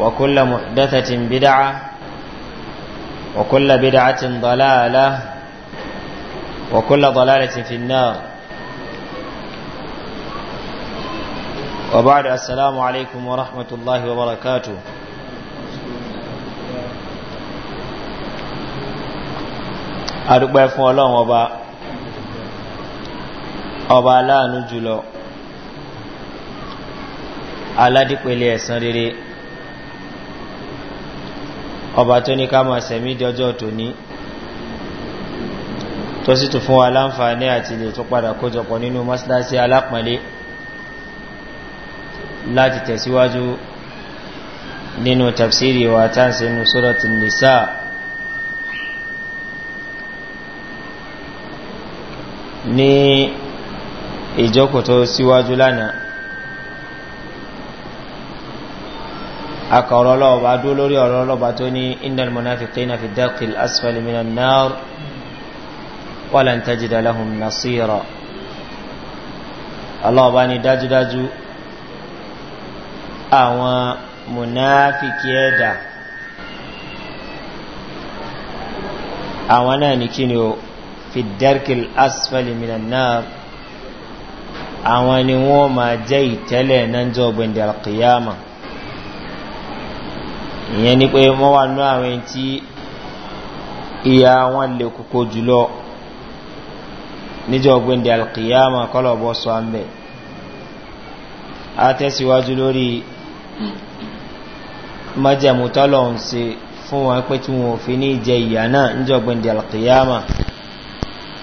وكل محدثة بدعة وكل بدعة ضلالة وكل ضلالة في النار وبعد السلام عليكم ورحمة الله وبركاته adúpẹ́ fún ọlọ́run ọba ọba aláàánú jùlọ aládìpẹ̀lẹ̀ ẹ̀sán rere ọba tó ní ká máa sẹ̀mí di ọjọ́ tòní tó sì tún fún wa láǹfààní àti ilé tó padà kójọpọ̀ nínú mọ́síláṣí alápọ̀nlé láti tẹ̀síwájú nínú tafsiri wa táǹsì nínú sórọ̀tì nìsá ní ìjókòó tó síwájú lánàá akọ̀rọ̀ ọlọ́ọ̀bá dúró lórí ọ̀rọ̀ ọlọ́ọ̀bá tó ní indal munafiqina fi dákìl asfali minan náà wàlẹ̀ ń tajidà lahùn nasira ọlọ́ọ̀bá ni dájúdájú àwọn munafiki ẹ̀dà àwọn náà ní kí ni o fi dákìl asfali náà àwọn ni wọ́n máa jẹ́ ìtẹ́lẹ̀ náà jọ gbẹ̀ndẹ̀ alkiyama. ìyẹn ni pé wọ́n wà ní àwọn tí ìyá wọn lè kókó jùlọ níjọ gbẹ̀ndì alkiyama kọlọ̀bọ̀ sọ àmì a tẹ́síwájú lórí májẹ̀mú tọ́lọ̀ ń se fún wọn pé tí wọn fi ní jẹ ìyá náà níjọ gbẹ̀ndì alkiyama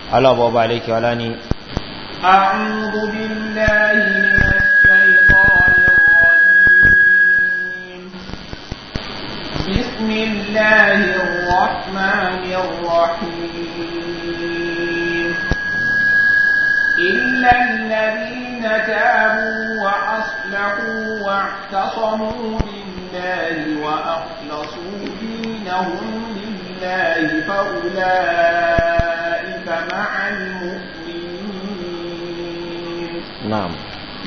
kọlọbọ balẹ̀ kí ọlá ni أعوذ بالله من بسم الله الرحمن الرحيم إلا الذين تابوا وأصلحوا واعتصموا بالله وأخلصوا دينهم لله فأولئك مع المؤمنين نعم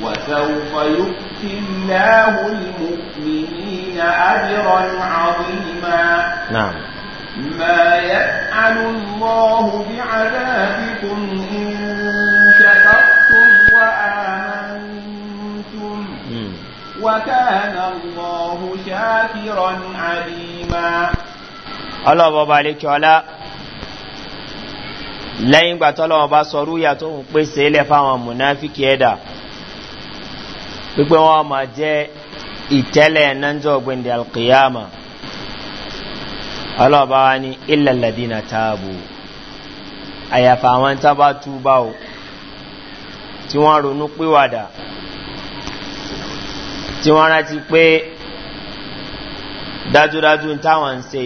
وسوف يؤتي الله المؤمنين أجرا عظيما نعم ما يفعل الله بعذابكم إن شكرتم وآمنتم وكان الله شاكرا عليما الله بابا عليك ولا lẹ́yìn gbàtọ́lọ́wọ́ bá sọrú يا تو بس pèsè ilẹ̀ fáwọn يدا wípé wọ́n ma jẹ́ ìtẹ́lẹ̀ nájọ́ gbẹ̀ndì alkiyama ọlọ́ọ̀bá wa ní ilẹ̀lẹ̀dí na táàbù àyàfà àwọn tábà túbà o tí wọ́n ronú pìwàdà tí wọ́n rántí pé dájúdájú táwọn ń se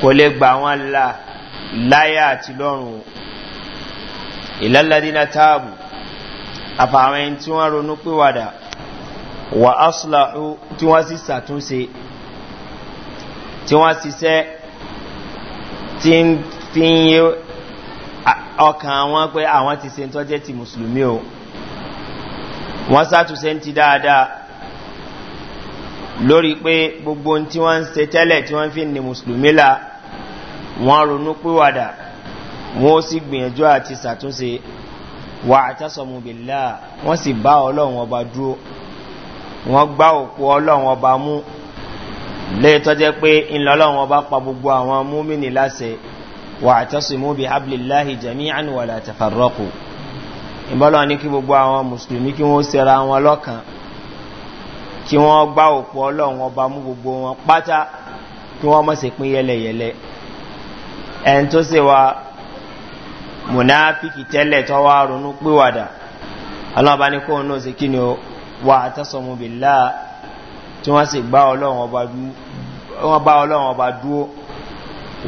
kò lè gbà wọ́n láyà àti lọ́rùn ilẹ̀lẹ̀dí na táàbù àfàwọn ẹni tí wọ́n ronú pé wàdà wà áṣùláhù tí wọ́n sì ṣàtúnṣe tí wọ́n ṣiṣẹ́ tí ń fi ń yé ọkàn àwọn pé àwọn ti se ń tọ́jẹ́ ti mùsùlùmí o wọ́n ṣàtúnṣe ń ti dáadáa lórí pé gbogbo ohun tí wọ́n ń se tẹ́lẹ̀ tí wọ́n fi ń mùsùlùmí la wọ́n ronú pé wàdà wọ́n ó sì gbìyànjú àti ṣàtúnṣe wà àtàsọ̀mù bìlá wọ́n sì bá ọlọ́run ọba dúró wọ́n gbá òpó ọlọ́run ọba mú lẹ́ẹ̀tọ́ jẹ́ pé ńlọ ọlọ́run ọba pa gbogbo àwọn múmìnì láṣẹ wà àtàsọ̀mù bí abdullahi jami anwala tafarọ́kù ìbọ́lọ́ ní kí gbogbo àwọn mùsùlùmí kí wọ́n sera wọn lọ́kàn kí wọ́n gbá òpó ọlọ́run ọba mú gbogbo wọn pátá kí wọ́n mọ̀ sí pín yẹlẹyẹlẹ ẹni tó sì munafiki tẹ́lẹ̀ tó wá ronú pèwàdà aláwọ̀bá ní kóhùn náà sí kí ni wà tásọmù bìlá tí wọ́n sì bá ọlọ́run ọba dúó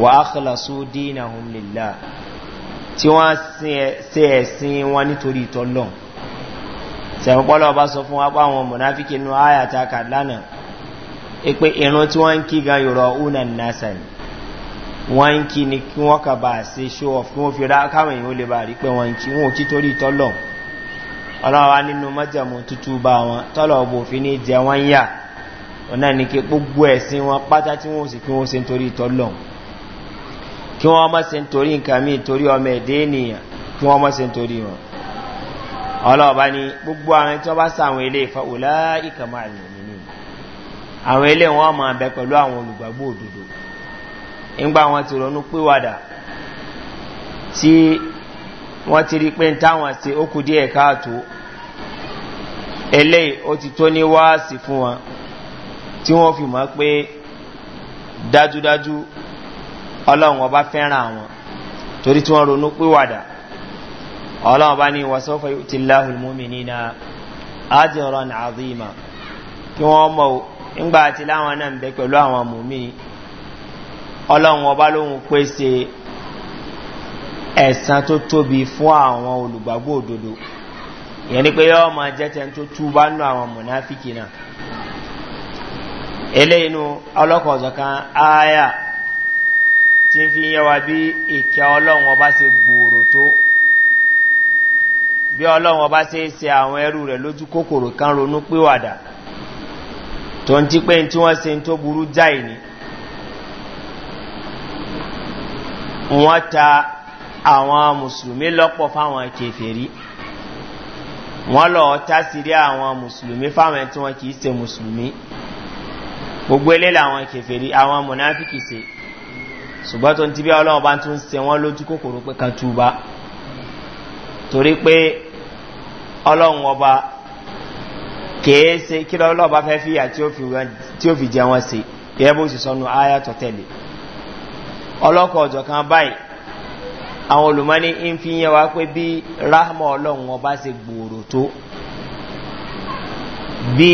wà ákàlàsó dínà hùn lèlá tí wọ́n sí ẹ̀sìn wọn nítorí tọ́lọ́n sẹ̀mọ́pọ́lọ́ ọba sọ fún apá àwọn munafiki nú àyàtà kàdánà ìpé ìrún tí wọ́n ń kí gan yọ̀rọ̀ únà násà wọ́n ń kí ni kí wọ́n kà bá show off kí wọ́n fi rá káwọn èèyàn lè bá rí pé wọ́n ń kí wọ́n kí torí tọ́lọ̀ ọlọ́wà nínú mọ́jàmú tútù bá wọn tọ́lọ̀ bò fi ní jẹ wọ́n yà ọ̀nà ní kí gbogbo ẹ̀sìn wọn pátá tí wọ́n sì kí wọ́n ṣe torí tọ́lọ̀ ni gbogbo àwọn tí wọ́n bá sá ilé wọn máa bẹ pẹ̀lú àwọn olùgbàgbọ́ òdodo ńgbà wọn ti ronú pèwàdà tí wọn ti rí pé ń táwọn ṣe ó kù díẹ̀ káàtó eléyìí ó ti tó ní wáàsì fún wọn tí fi mọ̀ pé dájúdájú ọlọ́run ọba fẹ́ràn àwọn torí tí wọ́n ronú pèwàdà ọlọ́run ọba ní ìwàsọ́fẹ́ ti láhùn múmi nínú àjẹrọ̀ nàzímà kí wọ́n mọ̀ ńgbà àti láwọn náà ń bẹ pẹ̀lú àwọn ọlọ́run ọba lóhun pèsè ẹ̀sán tó tóbi fún àwọn olùgbàgbọ́ òdodo ìyẹn ni pé yọ́ ma jẹ́ tẹ́ tó tú bá nù àwọn mọ̀náfíkì náà eléyìí nu ọlọ́kọ̀ ọ̀zọ̀kan ááyà tí ń fi yẹ wa bí ìkẹ́ ọlọ́run ọba ṣe gbòòrò tó bí ọlọ́run ọba ṣe ṣe àwọn ẹrú rẹ̀ lójú kòkòrò kan ronú pé wàdà tó ń ti pé tí wọ́n ṣe ń tó burú jáì ni wọ́n ta àwọn mùsùlùmí lọ́pọ̀ fáwọn kẹfẹ́rí wọ́n lọ tásìrí àwọn mùsùlùmí fáwọn tí wọ́n kìí ṣe mùsùlùmí gbogbo ilé làwọn kẹfẹ́rí àwọn mùnáfíkì se ṣùgbọ́n tó ń tibí ọlọ́run bá tún ṣe wọ́n lójú kòkòrò pé kan túba torí pé ọlọ́run ọba kìí ṣe kí lọ́lọ́ba fẹ́ fìyà tí ó fi jẹ wọ́n ṣe yẹ bó ṣe sọnù áyà tó ọlọ́kọ̀ ọ̀jọ̀kan báyìí àwọn olùmọ́ni ń fi yẹn wá pé bí rahma ọlọ́run wọn bá ṣe gbòòrò tó bí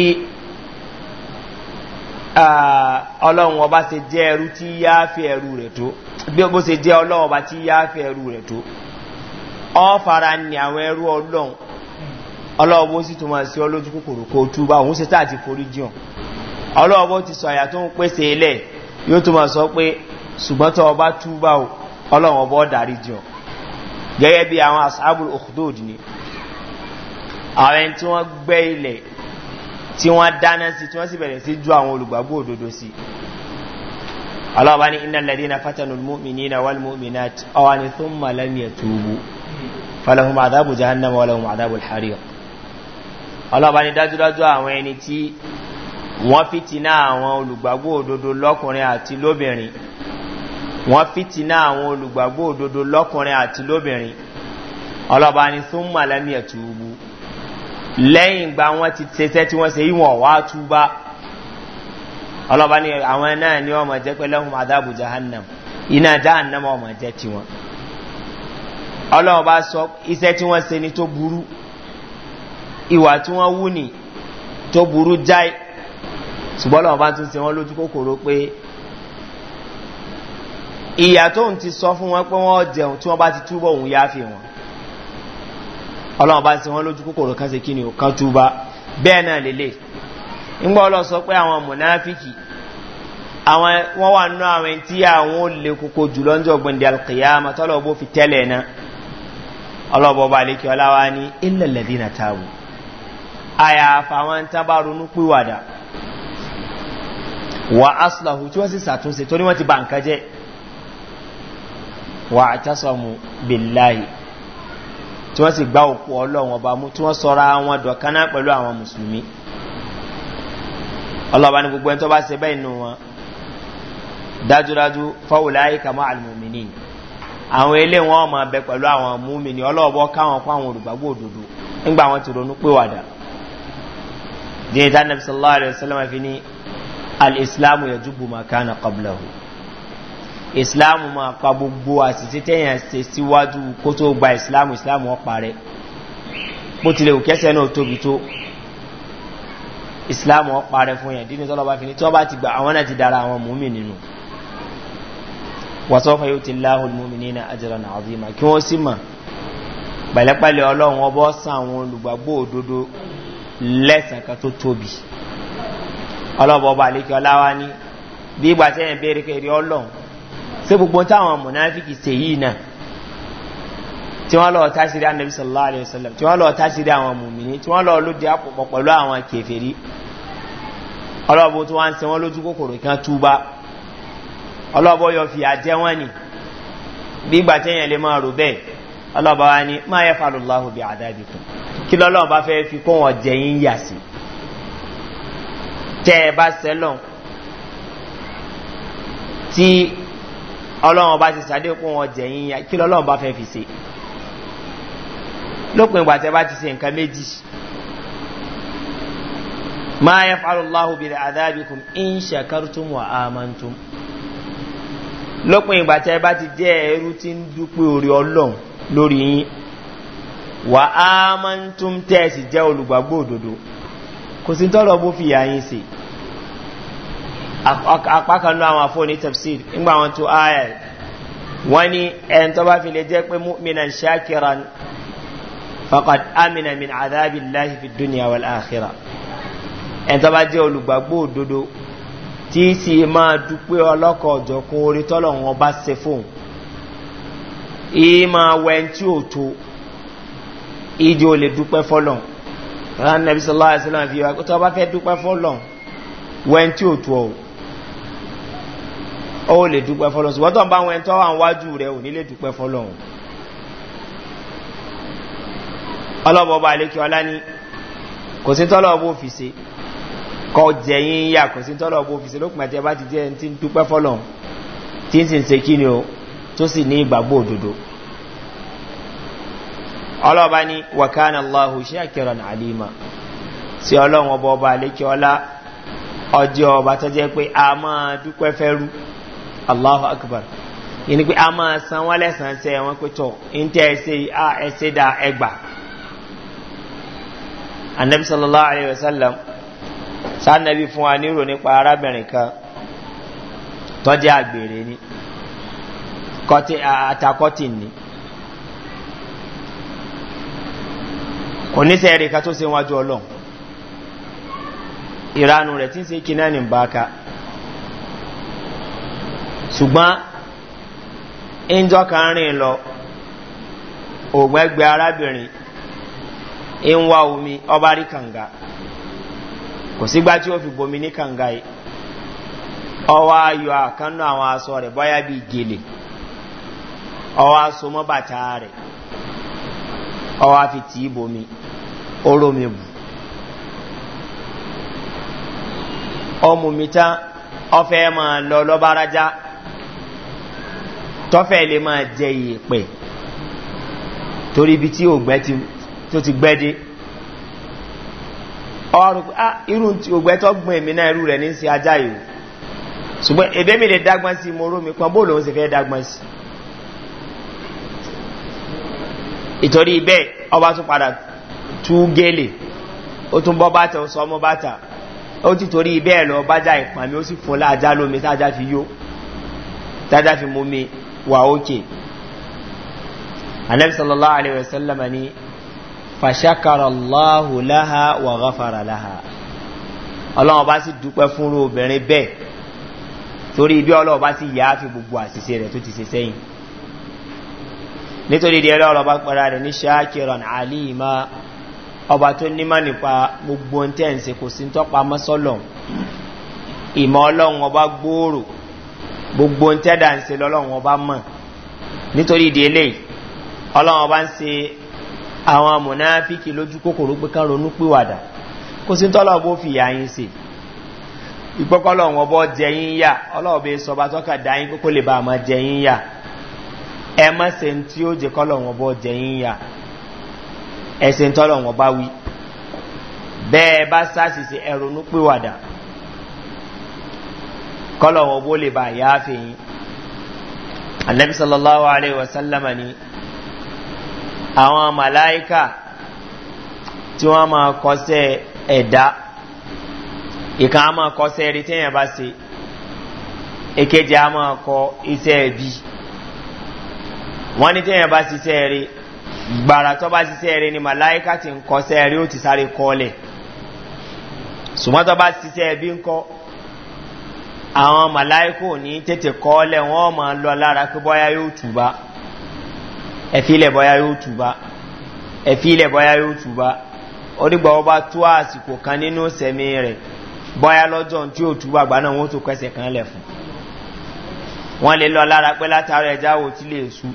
ọlọ́run ọba ṣe jẹ́ ẹrú tí yá fi ẹrú rẹ̀ tó bí ó ṣe jẹ́ ọlọ́run ọba tí yá fi ẹrú rẹ̀ tó ọ́fara ni àwọn ẹrú ọlọ́run ọlọ́run bó sì tó máa ṣe ọlójú kòkòrò kó tú òun ṣe tá àti forí jìàn ọlọ́run bó ti sọ àyà tó ń pèsè ilẹ̀ yóò tó máa sọ pé ṣùgbọ́n tó ọba túbà o ọlọ́run ọba ọ̀dàrí jọ gẹ́gẹ́ bí àwọn asábùl òkúdòdì ni àwọn ẹni tí wọ́n gbẹ́ ilẹ̀ tí wọ́n dáná sí tí wọ́n sì bẹ̀rẹ̀ sí ju àwọn olùgbàgbọ́ òdodo sí ọlọ́run bá ní iná lẹ́dí na fátánù mọ́mìnì na wọ́n mọ́mìnà ọwọ́ ni tó ń àwọn ẹni òdodo lọ́kùnrin àti lóbìnrin wọ́n fìtínà àwọn olùgbàgbọ́ òdodo lọ́kùnrin àti lóbìnrin ọlọ́ba ni fún mọ̀lẹ́mí ẹ̀tùbù lẹ́yìn gba wọ́n ti tẹ́tẹ́ tí wọ́n se ìwọ̀n wá túbá ọlọ́ba ni àwọn náà ni ọmọ jẹ́ pẹ́ lẹ́hùn adábù jahannam iná jahannam ọmọ jẹ́ tiwọn ọlọ́ba sọ iṣẹ́ tí wọ́n se ni tó burú ìwà tí wọ́n wú ni tó burú jáì ṣùgbọ́n ọlọ́ba tún se wọ́n lójú kòkòrò pé ìyà tó ń ti sọ fún wọn pé wọ́n jẹun tí wọ́n bá ti túbọ̀ òun yá fi wọn ọlọ́run bá ti wọn lójú kòkòrò kan ṣe kí ni ò kan túbá bẹ́ẹ̀ náà lélẹ̀ ńgbọ́ ọlọ́ sọ pé àwọn mùnáfíkì àwọn wà àwọn ẹni tí àwọn ò lè tọ́lọ̀ bó fi tẹ́lẹ̀ náà wa wà á tásọ̀mù bèláì tí wọ́n sì gbá òkú ọlọ́wọ́n ọba mú tí wọ́n sọra wọn dọ̀kánná pẹ̀lú àwọn mùsùlùmí ọlọ́ba ní gbogbo ẹni tó bá ṣe bẹ́ẹ̀ nù wọn dájúdájú fáwọlá ayíkàmọ́ àlùmọ́mìnì àwọn ilé wọn ọmọ abẹ pẹ̀lú àwọn múmìnì ọlọ́ọ̀bọ káwọn kó àwọn olùgbàgbọ́ òdodo nígbà wọn ti ronú pé wàdà díẹ̀ tánàbí sallallahu alayhi wa sallam fi ní alìsílámù yẹ ìsìláàmù máa pa gbogbo àṣìṣe tẹ́yìn ṣe síwájú kó tó gba ìsìláàmù ìsìláàmù ọ̀pá rẹ̀ bó tilẹ̀ òkẹ́sẹ̀ náà tóbi tó ìsìláàmù ọ̀pá rẹ̀ fún yẹn dínú tọ́lọ́ba fi ni tọ́ba ti gba àwọn náà ti dára àwọn mùmí nínú wàsọ́fà yóò ti láhùn mùmí nínú àjẹrọ náà ọdún ìmọ̀ kí wọ́n sì mọ̀ pẹ̀lẹ́pẹ̀lẹ́ ọlọ́run ọbọ̀ ṣé gbogbo táwọn mùnáfíkì ṣe yìí náà tí wọ́n lọ tásírí anabi sallallahu alayhi wa sallam tí wọ́n lọ tásírí àwọn mùmíní tí wọ́n lọ lóde àpòpọ̀ pẹ̀lú àwọn kẹfẹ́rí ọlọ́bọ̀ tí wọ́n ń se wọ́n lójú kòkòrò kan túbá ọlọ́bọ̀ yọ fi àjẹ́ wọn ni gbígbà tẹ́yìn lè máa rò bẹ́ẹ̀ ọlọ́bọ̀ wa ni máa yẹ falùláhù bí àdábì kan kí lọ́lọ́run fẹ́ fi kó wọn jẹ yín yà sí tẹ́ ẹ bá sẹ́lọ̀n tí ọlọ́run bá ti sàdékún wọn jẹ̀yìn ya kí lọ́lọ́run bá fẹ́ fi se lópin ìgbà tẹ́ bá ti se nǹkan méjì máa yẹ fàlùláhù bìrì àdábìkùn ń ṣàkárùtùm wà ámántùm lópin ìgbà tẹ́ bá ti jẹ́ ẹrú tí ń dúpẹ́ orí ọlọ́run lórí yín wà ámántùm tẹ́ sì jẹ́ olùgbàgbọ́ òdodo kò sí tọ́lọ́ bó fi yà yín sí i apákanú àwọn afọ́ni tafsir ńgbà wọn tó ayà wọ́n ni ẹn tó bá fi lè jẹ́ pé mu'minan shakiran fakad amina min azabi lahi fi duniya wal akhira ẹn tó bá jẹ́ olùgbàgbó òdodo tí sì máa dúpẹ́ ọlọ́kọ̀ ọ̀jọ̀kún orí tọ́lọ̀ wọn bá se fóun ìmọ̀ wẹ́ntí òtó ìjọ lè dúpẹ́ fọ́lọ̀n rán nàbí sọ́lá fi wá tó bá fẹ́ dúpẹ́ fọ́lọ̀n wẹ́ntí òtó ọ̀hún ó lè dúpẹ́ fọlọ́n ṣùgbọ́n tó ń bá wọn tọ́ àwọn wájú rẹ̀ ò ní dúpẹ́ fọlọ́n ọlọ́bọ̀ọ́bọ̀ àlékí ọlá ní kò sí tọ́lọ́bọ̀ òfìsè kọ jẹ̀yìn yà kò sí tọ́lọ́bọ̀ lókùn ti jẹ́ ti ń dúpẹ́ fọlọ́n tí o alima ọlọ́run ọba ọba àlékí ọlá ọjọ́ ọba allahu akbar yìí ni pé a máa san wọ́n lẹ́sàn-án sẹ́ wọ́n pé tọ̀ ń tẹ́ ẹsẹ̀ a ẹsẹ̀ dá ẹgbà anabi sallallahu alayhi wa sallam sanabi fún wa nírò nípa arábìnrin kan tọ́jú àgbèrè ni àtàkọ́tì ni oníṣẹ́ ẹ̀rẹ̀ kan tó ṣe wájú ọlọ́run ìranu rẹ̀ tí ń ṣe kí náà ní bá ka. ṣùgbọ́n ìjọ kan rìn lọ òògùn arábìnrin ń wá omi ọba rí kànga kò sígbà tí ó fi bomi ní kànga yìí ọwọ́ ayọ̀ àkànnà àwọn aṣọ rẹ̀ bọ́yá bíi gèlè ọwọ́ aṣọ mọ́ bàtà rẹ̀ ọwọ́ fi tì í bomi oromi bù ọmọ mi tán ọfẹ́ máa lọ tọ́fẹ́ lè máa jẹ ìpè torí ibi tí ògbẹ́ ti gbẹ́ dé ọrùn ah irú ògbẹ́ tó gbọ́n èmi náà irú rẹ̀ ní sí ajá yìí ṣùgbọ́n èdè mi lè dágbọ́n sí mo rómi kan bóòlù òun fẹ́ dágbọ́n sí ọba tún padà tú gélè ó tún bọ́ bàtà ó sọ ọmọ bàtà ó ti torí bẹ́ẹ̀ lọ bájá ìpàmì ó fi yó tájá fi mú mi. wà ókè anabi sallallahu alaihi wasallam ni fàṣàkàrà allahu laha wà gáfàrà laha ọlọ́wọ́n bá sì dúpẹ́ fún obìnrin bẹ́ẹ̀ torí bí ọlọ́wọ́ bá sì yá fi gbogbo àṣìṣe rẹ̀ tó ti ṣe sẹ́yìn nítorí di ọlọ́wọ́ bá pẹ̀lá rẹ̀ ní ṣáàkìrán àlìmá ọba tó nímọ̀ nípa gbogbo ń tẹ̀ ń se kò sí ń tọ́pa mọ́sọ́lọ̀ ìmọ̀ ọlọ́run ọba gbòòrò gbogbo ń tẹ́dà ń se lọ́lọ́run ọba mọ̀ nítorí ìdí eléyìí ọlọ́run ọba ń se àwọn amọ̀náfíkì lójú kòkòrò pé kán ronú pìwàdà kó sí tọ́lọ̀ bó fi yà yín se ìpọ́kọ́lọ̀ wọn bọ́ jẹ yín yà ọlọ́run bẹ sọ bá tọ́ka dá yín kókó lè bá àmọ́ jẹ yín yà ẹ má se ń tí ó jẹ kọ́lọ̀ wọn bọ́ jẹ yín yà ẹ se ń tọ́lọ̀ wọn wí bẹ́ẹ̀ bá sásìsì kọ́lọ̀ wọn bó lè bá yááfẹ́ yìí annabi sallallahu alaihi wasallama ni àwọn màláíkà tí wọ́n máa kọ́sẹ́ ẹ̀dá ìkan á máa kọ́sẹ́ rí téèyàn bá se èkejì á máa kọ iṣẹ́ ẹbí wọ́n ní téèyàn bá ṣiṣẹ́ rí gbàrà tó bá ṣiṣẹ́ rí ni màláíkà ti ń kọ́sẹ́ rí ó ti sáré kọ́lẹ̀ ṣùgbọ́n tó bá ṣiṣẹ́ ẹbí ń kọ́ àwọn màláìkò ní tètè kọ́ọ́lẹ̀ wọ́n ma lọ lára pé bọ́yá yóò túbá ẹ̀fílẹ̀ bọ́yá yóò túbá ẹ̀fílẹ̀ bọ́yá yóò túbá onígbà wọ́n bá tó àsìkò kan nínú sẹ̀mí rẹ̀ bọ́yá lọ́jọ́ tí ó túbá àgbà náà wọ́n tó kẹsẹ̀ kan lẹ̀ fún wọ́n lè lọ lára pé látara ẹja wo tí lè sú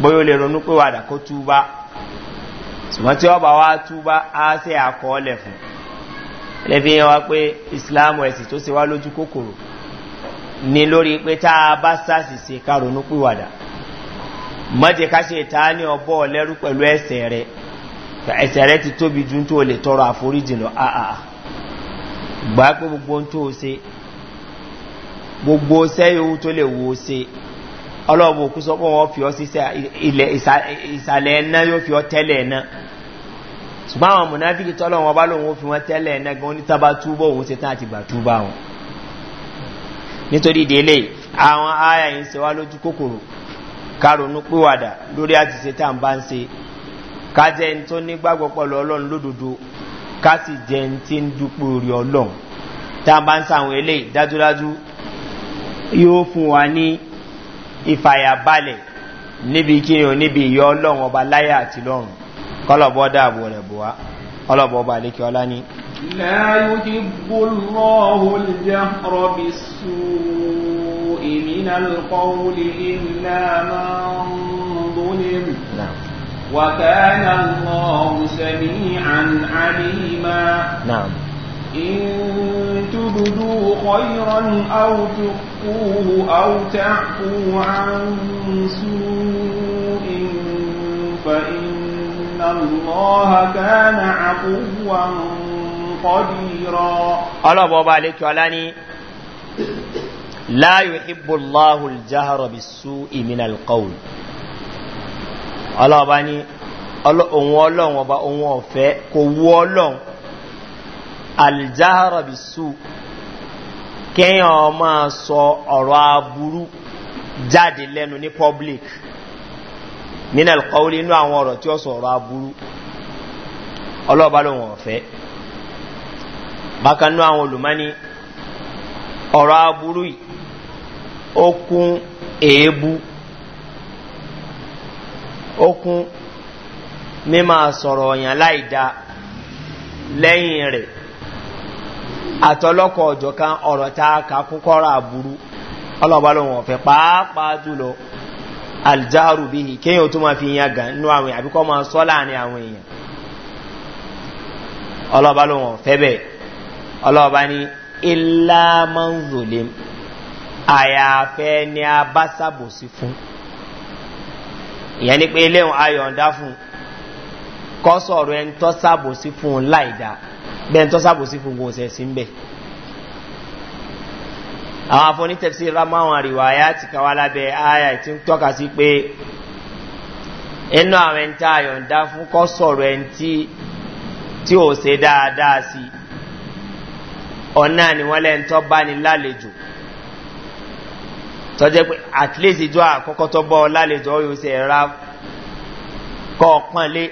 bóyá ó lè ronú pé wàdà kó túbá ṣùgbọ́n tí wọ́n bá wá túbá á sẹ́ àkọọ́lẹ̀ fún un lẹ́fí yẹn wá pé islam ẹ̀sìn tó ṣe wá lójú kòkòrò ní lórí pé tá a bá sàṣìṣe karùnún pìwàdà mọ́jẹ ká ṣe ìta ní ọbọ̀ lẹ́rú pẹ̀lú ẹsẹ̀ rẹ ẹsẹ̀ rẹ ti tóbi ju tó lè tọrọ àforíjì lọ àà ah, ah, ah. gbà pé gbogbo tó o gbogbo sẹ́yìn tó lè wo ṣe ọlọ́ọ̀bù kú sọ pé wọ́n fi ọ sí ilẹ̀ ìsàlẹ̀ ẹ̀ná yóò fi ọ tẹ́lẹ̀ ẹ̀ná ṣùgbọ́n àwọn mùnáfíkì tọ́lọ̀ wọn bá lòun ó fi wọn tẹ́lẹ̀ ẹ̀nẹ́gan onítàbá túbọ̀ òun ṣe tán àti gbà túbà wọn nítorí délé àwọn aya yìí ṣe wá lójú kòkòrò karùnún pèwàdà lórí àti ṣe tá à ń bá ń ṣe ká jẹ́ ẹni tó ní gbàgbọ́ pọ̀lọ́ kọlọ̀bọ̀ dáàbò rẹ̀ bọ̀ wá ọlọ́bọ̀ ọba àlékí ọlá ní وكان الله سميعا عليما نعم إن تبدوا خيرا أو تخفوه أو تعفو عن سوء الله كان عفوا قديرا الله بابا عليك ولاني لا يحب الله الجهر بالسوء من القول الله باني ohun ọlọ́run ọba ohun ọ̀fẹ́ kò wú ọlọ́run aljaharabisu kẹ́yàn ọmọ sọ ọ̀rọ̀ aburú jáde lẹ́nu ní public nínú alkọ́wọ́lé inú àwọn ọ̀rọ̀ tí ó sọ̀rọ̀ aburú ọlọ́ọ̀bá ló wọ̀n fẹ́ bákan náà àwọn olùmọ́ni ọ̀rọ̀ aburú yìí ó kún èébú ó kún mímọ sọ̀rọ̀ ọ̀yàn láìda lẹ́yìn rẹ̀ àtọlọ́kọ̀ ọ̀jọ̀kan ọ̀rọ̀ tá a aburú ọlọ́ọ̀bá ló wọ̀n fẹ́ pàápàá jùlọ aljaharu bihi kéèyàn tó máa fi yan gan nínú àwọn èèyàn àbíkọ́ máa sọ láàrin àwọn èèyàn ọlọ́ba ló wọ̀n fẹ́ bẹ́ẹ̀ ọlọ́ba ní ilá manzolim àyàfẹ́ ni a bá sàbòsí fún ìyẹn ni pé eléhùn ayọ̀ǹda fún kọ́ ẹni tọ́ sàbòsí fún láìda bẹ́ẹ̀ ni tọ́ sàbòsí fún kò sẹ̀ sí ń bẹ́ẹ̀ àwọn afọ́nítẹ̀sí rámáwọn àríwáyá ti kàwá lábẹ́ àyà tí ń tọ́ka sí pé inú àwọn ẹni tá a yọ̀ǹda fún kọ́ sọ̀rọ̀ ẹni tí ò ṣe dáadáa sí ọ̀nà ni wọ́n lẹ́ni tó bá ní lálejò tọ́jẹ́ pé at least ìjọ àkọ́kọ́ tó bọ́ lálejò ó yóò ṣe ra kọ́ pọ́nlé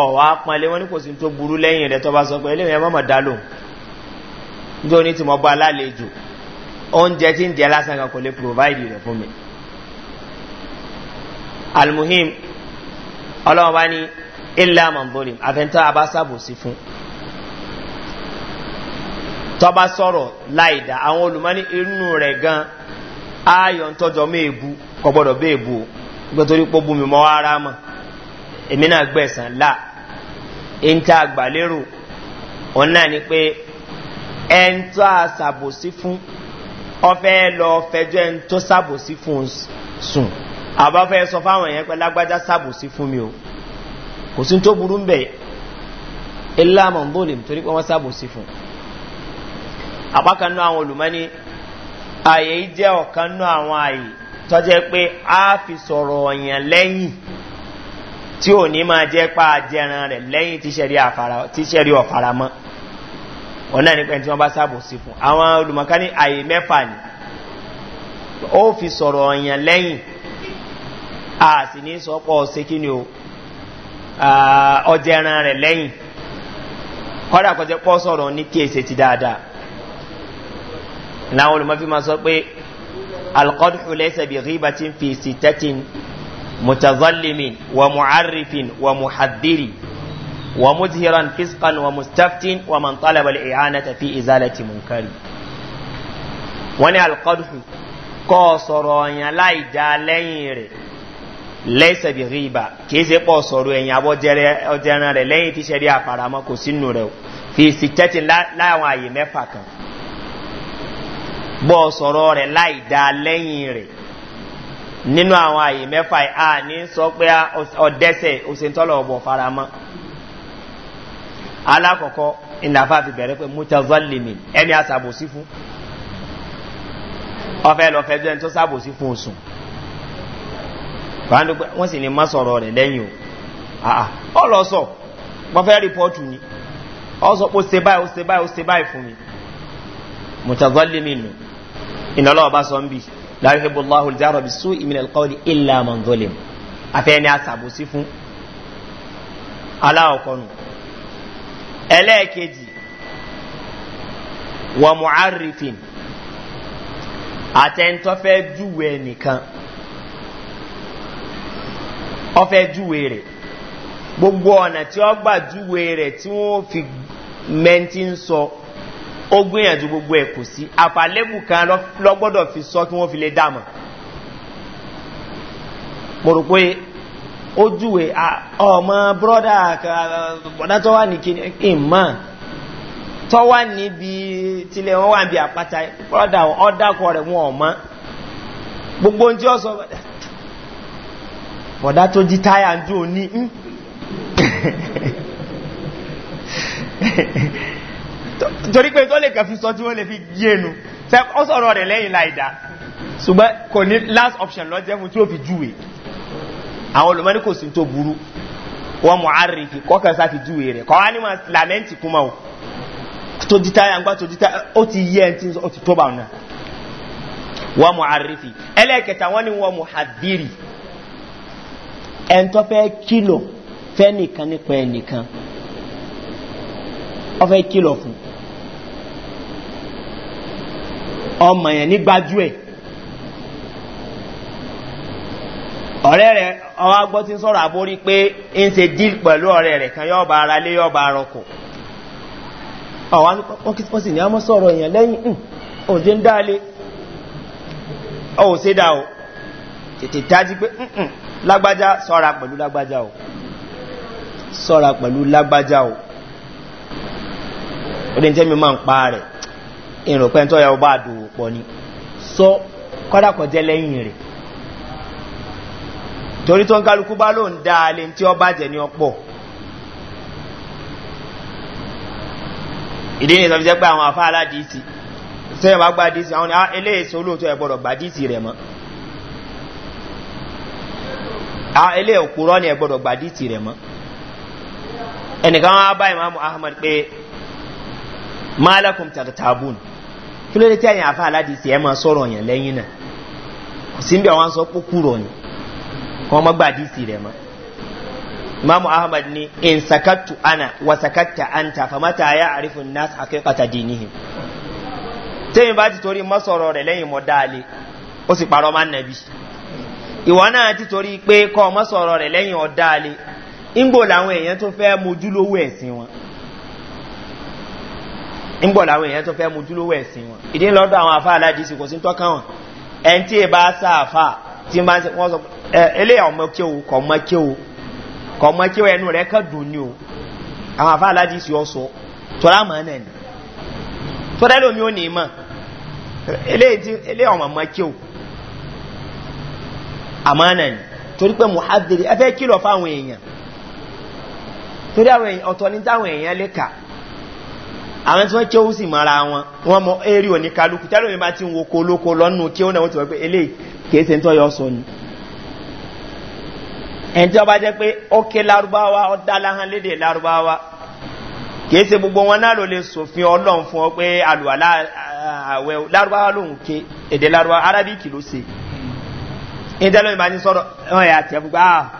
ọ̀wá pọ́nlé wọ́n ní kò sí tó burú lẹ́yìn rẹ̀ tó sọ pé eléyìí njẹ́ ni tí mo bá lálejò oúnjẹ tí ń jẹ lásán kan kò lè provide rẹ̀ fún mi. almuhim ọlọ́run bá ní ilé amambolim àfẹ́ntọ́ abásábòsí fún tọ́ba sọ̀rọ̀ láìda àwọn olùmọ́ni inú rẹ̀ gan ayọ̀ ń tọ́jọ́ méèbu kọ́ gbọ́dọ̀ béèbu o gbẹ́torí pọ́ bumi mọ́ ara mọ́ èmi náà gbẹ̀sán là ń tá àgbà lérò òun ni pé ẹ̀ńtọ́ àṣàbòsí fún ọfẹ́ lọ fẹjọ́ ẹ̀ńtọ́ ṣàbòsí fún sùn àbáfẹ́ sọ fáwọn èèyàn pé lágbájá ṣàbòsí fún mi o kò sí tó burú mbẹ̀ ilá mọ̀nbólì torí pé wọ́n ṣàbòsí fún àpákanú àwọn olùmọ́ni ààyè jẹ́ ọ̀kanú àwọn ààyè tọ́jẹ́ pé a fi sọ̀rọ̀ ọ̀yàn lẹ́yìn tí ò ní máa jẹ́ pa àjẹran rẹ̀ lẹ́yìn tíṣẹ́rí ọ̀faramọ́ ọ̀nà nípa ẹni tí wọ́n bá sábò sí fún àwọn olùmọ̀ká ní àyè mẹ́fà ni ó fi sọ̀rọ̀ ọ̀yàn lẹ́yìn a sì ní sọ́pọ̀ ṣe kí ni o ọjà ẹran rẹ̀ lẹ́yìn kọ́dà kọjá pọ́ sọ̀rọ̀ ní kí ti dáadáa láwọn olùmọ̀fí ومظهرا فسقا ومستفت ومن طلب الإعانة في إزالة منكر ونع القدح قصر لا دالين ليس بغيبة كيسي قصر ينبو جنر لين تشريع فرامكو سنو في ستة لا, لا وعي مفاكا bọ́ sọ̀rọ̀ rẹ̀ láì dá lẹ́yìn rẹ̀ nínú àwọn àyè mẹ́fà à ní sọ pé ọ̀dẹ́sẹ̀ òṣèntọ́lọ̀ ọ̀bọ̀ faramọ́ alákọ̀ọ́kọ́ ìlàfà fi bẹ̀rẹ̀ pé mutazalimi ẹni a sàbòsí fún ọfẹ́ lọ fẹ́ jẹ́ tó sàbòsí fún oṣù wọ́n sì ní má sọ̀rọ̀ rẹ̀ lẹ́yìn o ọlọ́sọ̀ wọ́n fẹ́ rìpọ́ọ̀tù ni ọ sọ pé ó ṣe báyìí ó ṣe báyìí ó ṣe báyìí fún mi mutazalimi nù ìnáwó ọba sọ ń bì láyé hebùláhùn járọ̀ bí sú ìmìnà ìkọ́wé ilà mọ̀ngọ́lẹ̀ afẹ́ ni a sàbòsí fún aláwọ̀kọ́nù ẹlẹ́ẹ̀kejì wà mùárìfìn àtẹ̀ntọ́fẹ́ júwe nìkan ọfẹ́ júwe rẹ̀ gbogbo ọ̀nà tí ó gbà júwe rẹ̀ tí wọ́n fi mẹ́ntì ń sọ ó gbìyànjú gbogbo ẹ̀ kò sí àfàlẹ́bù kan lọ́gbọ́dọ̀ fi sọ kí wọ́n fi lè dàmọ̀ mo rò pé ojúwe ọmọ brọ́dà bọ̀dá tó wà ní ìmọ̀ tó wà níbi tilẹ̀ wọn wà níbi àpáta brọ́dà ọ̀dàkọ̀ rẹ̀ wọn ọ̀mọ́ gbogbo ohun tí ó sọ bọ̀dá tó di táyà ń dùn ní hm? torí pé tó lè kàn fi sọ tí wọ́n lè fi yéenu ó sọ̀rọ̀ rẹ̀ lẹ́yìn láìda ṣùgbọ́n kò ní last option lọ́jẹ́ fún tí ó fi júwe àwọn olùmọ́ni kò sí tó burú wọ́n mọ̀ àríkì kọ́kàn sáfi júwe rẹ̀ kọ́ wá ní ma làmẹ́ǹtì kúmọ̀ o tó di táyà ń gbá tó di táyà ó ti yẹ ẹni tí ó ti tó bá ọ̀nà wọ́n mọ̀ àríkì ẹlẹ́ẹ̀kẹta wọ́n ní wọ́n mọ̀ àdírì ẹ̀ńtọ́ fẹ́ kìlọ̀ fẹ́ nìkan nípa ẹnìkan ọ fẹ́ kìlọ̀ fún ọmọ yẹn ní gbájú ẹ̀ ọ̀rẹ́ rẹ̀ ọwá gbọ́ tí ń àbórí pé ń se díl pẹ̀lú ọ̀rẹ́ rẹ̀ kan yọ́ bá ara lé yọ́ bá ara ọ̀wá ní ní a mọ́ sọ́rọ̀ èèyàn lẹ́yìn òjé ń ọ̀hún tètè dájú pé lágbájá sọ́ra pẹ̀lú lágbájá o sọ́ra pẹ̀lú lágbájá o ó dé ń tẹ́mi máa ń pa rẹ̀ ìrùpẹ́ntọ́ yà ó pọ̀ ni sọ kọ́dàkọ̀ jẹ́ lẹ́yìn rẹ̀ torí tó ń kálukú bá ló ń dá a lè bá jẹ ní ọpọ ìdí ni ìsọfíṣẹ́ pé àwọn afá aládìísì sẹ́yìn bá gba díìsì àwọn ah, eléyèsí olóòótọ́ gba ah, ni gba mọ́ ẹnìkan wọn bá ìmáàmù ahmed pé malakum tàgtàbùn kí ló dé tí àyìn afá máa yẹn kọ́ mọ́ gbàdí sí rẹ̀ mọ́ imamu ahmad ni in sakattu ana wa sakatta anta ya arifu nas haqiqata bá ti torí mọ́sọ̀rọ̀ rẹ̀ lẹ́yìn mọ́ dáálé o si paro máa nàbí Iwa náà ti torí pé kọ́ mọ́sọ̀rọ̀ rẹ̀ lẹ́yìn ọ̀dáálé ńgbò làwọn èèyàn tó fẹ́ làwọn èèyàn tó fẹ́ tí ma wọ́n sọ ẹ eléyà ọmọ kí o kọ̀ ọmọ kí o kọ̀ ọmọ kí o ẹnu rẹ̀ kẹ́ dùn ní o àwọn afá aláàjì sì ọ sọ tọ́lá mọ̀ náà ni tọ́lá lómi ò ní mọ̀ eléyà ọmọ ọmọ kí o àmọ́ náà ni torí pé muhaddiri ẹ fẹ́ kìlọ̀ fáwọn èèyàn torí àwọn èèyàn ọ̀tọ̀ ní táwọn èèyàn lè kà àwọn tí wọ́n kí ó sì mara wọn wọ́n mọ eré òní kálukú tẹ́lómi bá ti ń wo kolóko lọ́nù kí ó náà wọ́n ti wọ́n pé eléyìí kìí se tó yọ sọ ni ẹni tí ọba jẹ pé ọkẹ larubawa ọdá lahan léde larubawa kìí se gbogbo wọn náà ló lè sòfin ọlọrun fún ọ pé àlùwà àwẹ larubawa lòun ké èdè larubawa arábíkì ló se ẹni tí ọlọrin bá ní sọrọ ọ yà tẹ fún gbà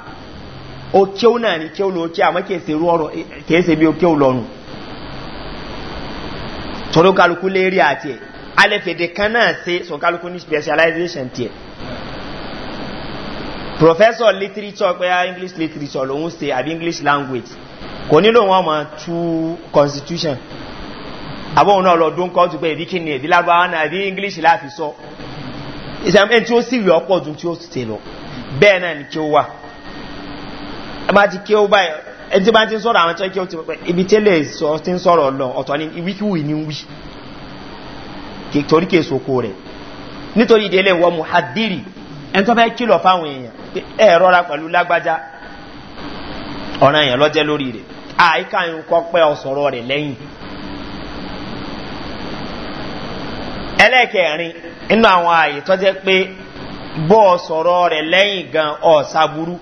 ó kéw náà ni kéw ló ké àmọ kìí se rọrọ kìí se bí ó kéw lọrùn tọdọ kálukú lérí àti ẹ alẹ́ fèdè kan náà se sọ kálukú ní specialization tiẹ̀ professor literature pé english literature lòun ṣe àbí english language kò nílò wọn mọ tú constitution àbọ̀hún náà lọ dún kọ́ọ̀tù pé èdè kìnìún èdè lágbára náà èdè english láti sọ ìsàmì tí ó sì rí ọ̀pọ̀ ọdún tí ó ṣe lọ bẹ́ẹ̀ náà ni kí ó wà ẹ bá ti kí ó báyìí ẹni tí bá ti ń sọ̀rọ̀ àwọn tó kí ó ti pẹ́ ibi tẹ́lẹ̀ sọ ti ń sọ̀rọ̀ lọ ọ̀tọ̀ ni wíkíwì ni wí torí kèsòkò rẹ̀ nítorí ìdílé wọ muhadiri ẹni tó fẹ́ eya fáwọn èèyàn ẹ rọra pẹ̀lú lágbájá ọ̀ràn èèyàn lọ́jẹ́ lórí rẹ̀ àyíká ń kọ́ pẹ́ ọ̀sọ̀rọ̀ rẹ̀ lẹ́yìn. ẹlẹ́kẹ̀rin nínú àwọn ààyè tó jẹ́ pé bọ́ ọ̀sọ̀rọ̀ rẹ̀ lẹ́yìn gan ọ̀sàbúrú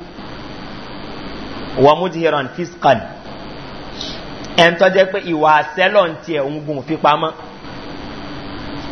wàmúdìhìrán fiskan ẹni tó jẹ́ pé ìwà àṣẹ́lọ̀ ń tiẹ̀ ń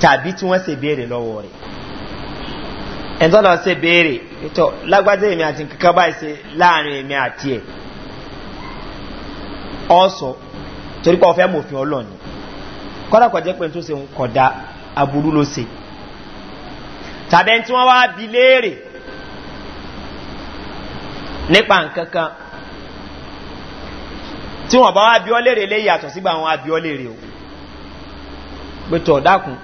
tàbí tí wọ́n ṣe béèrè lọ́wọ́ rẹ̀ ẹ̀ńtọ́ lọ ṣe béèrè tó lágbájá èmi àti kankan báyìí ṣe láàrin èmi àti ẹ̀ ọ̀sọ̀ torí pé ọ̀fẹ́ mòfin ọlọ́ọ̀ni kọ́dà kọjá pé tó ṣe ń kọ̀dá aburú ló ṣe tàbí ẹni tí wọ́n wá bi léèrè nípa nǹkan tí wọ́n bá wá bi ọ́ léèrè lé yàtọ̀ wọn wá bi ọ́ léèrè o pé dákun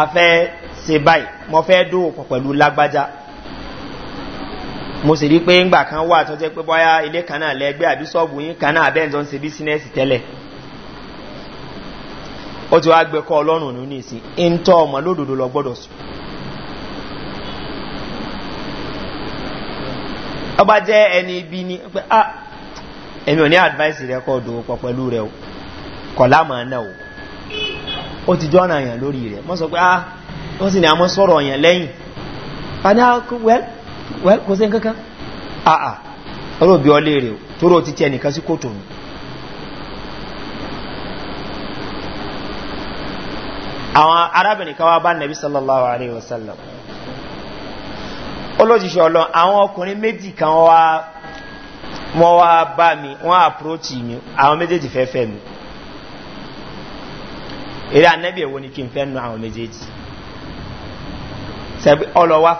afẹ́ se báyìí mo fẹ́ dóòpọ̀ pẹ̀lú lágbájá mo sì rí pé ńgbà kan wà tó jẹ́ pé bọ́yá ilé kan náà lẹ́gbẹ́ àbí sọ́ọ̀bù yín kan náà abẹ́ǹtọ́ ń ṣe bísínẹ́sì tẹ́lẹ̀ ó ti wá kọ́ ọlọ́run ń tọ́ ọmọ lọ gbọ́dọ̀ sùn. ọba jẹ́ ẹni ni pé ah ò ní advice rẹ kọ́ ọdọ̀ re pẹ̀lú o kọ̀ náà ó ti jọ́nà àyàn lórí rẹ̀ mọ́ sọ pé ah wọ́n sì ní àmọ́ sọ́rọ̀ àyàn lẹ́yìn àní ah, wẹ́l ah, ah, àwọn arábìnrin sallallahu sallam olójíṣẹ́ ọlọ́run àwọn ọkùnrin méjì kan wọ́n wá bá mi wọ́n àpúròtì mi àwọn méjèèjì mi eré anabi na ni kí n àwọn méjèèjì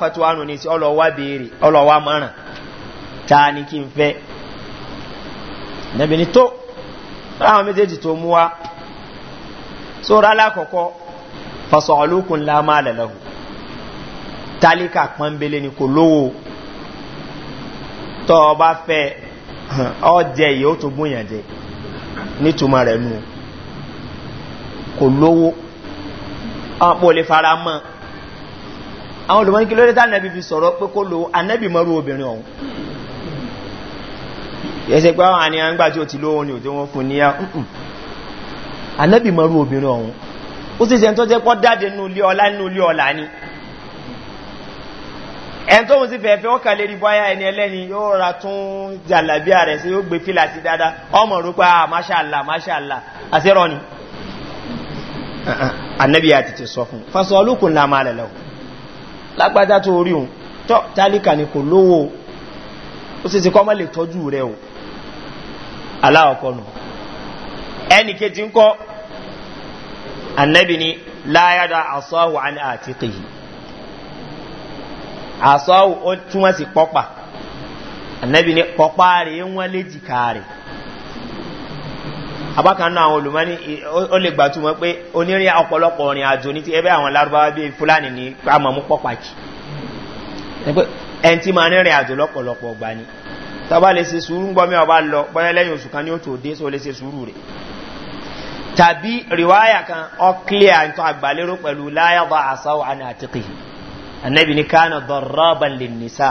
fatuwa nù ní sí ọlọ́wà béèrè ọlọ́wà mọ́ràn ta ni kí n fẹ́ ni tó láwọn méjèèjì tó mú wa fasọ̀ọ̀lùkùn lẹ́lẹ́hù tálíkà pọ́nbélé ni kò lówó tọ́ ọ bá fẹ́ ọ jẹ yìí ó kò lówó àwọn pò lè fara mọ́ àwọn olùmọ́ni kí ló dé tánàbí fi sọ̀rọ̀ pé kó lówó anẹ́bì mọ́rú obìnrin ọ̀hún yẹsẹ̀ pé àwọn àníyàn ń gbà tí ó ti lówó ni ò tí wọ́n fún níyà anẹ́bì mọ́rú obìnrin ọ̀hún ẹn tó ń sì fẹ́ẹ̀fẹ́ ó kàlẹ́ rí bọ́yá ẹni ẹlẹ́ni yóò ra tún jàlábíà rẹ̀ sí yóò gbé fìlà sí dáadáa ọmọ rúpa máṣàlá máṣàlá àṣírọ́ ni. annabi ya tètè sọ fún fásọ olókun lámà lẹ́lẹ́ o lágbájá tó rí òun tọ́ tálíkà ni kò lówó ó sì ti kọ́ mọ́ tọ́jú rẹ o aláwọ̀kọ́ nù ẹnì ń kọ́ annabi ni láyàdá àsọ́wò àni àtìkì yìí àsọ́wò ó túnmọ̀ sí pọ́pà annabi ni rẹ̀ wọ́n lè abákanná àwọn olùmọ́ni ó lè gbà túmọ̀ pé onírìn ọ̀pọ̀lọpọ̀ ọ̀rìn àjò ní ti ẹbẹ́ àwọn lárúbáwá bíi fúlàní ní pàmọ́mú pọ̀pàkì ẹni tí máa rìnrìn àjò lọ́pọ̀lọpọ̀ ọgbà ni tọba lè ṣe sùúrù ń gbọ́ mi ọba lọ bọ́yá lẹ́yìn oṣù kan ní òtò dé so lè ṣe sùúrù rẹ̀ tàbí rìwáyà kan ọ́kílẹ̀ àǹtọ́ àgbàlérò pẹ̀lú láyàbọ̀ àṣàwọ̀ àna àtìkì ànábì ní kánà dọ̀rọ̀bà lè nìsà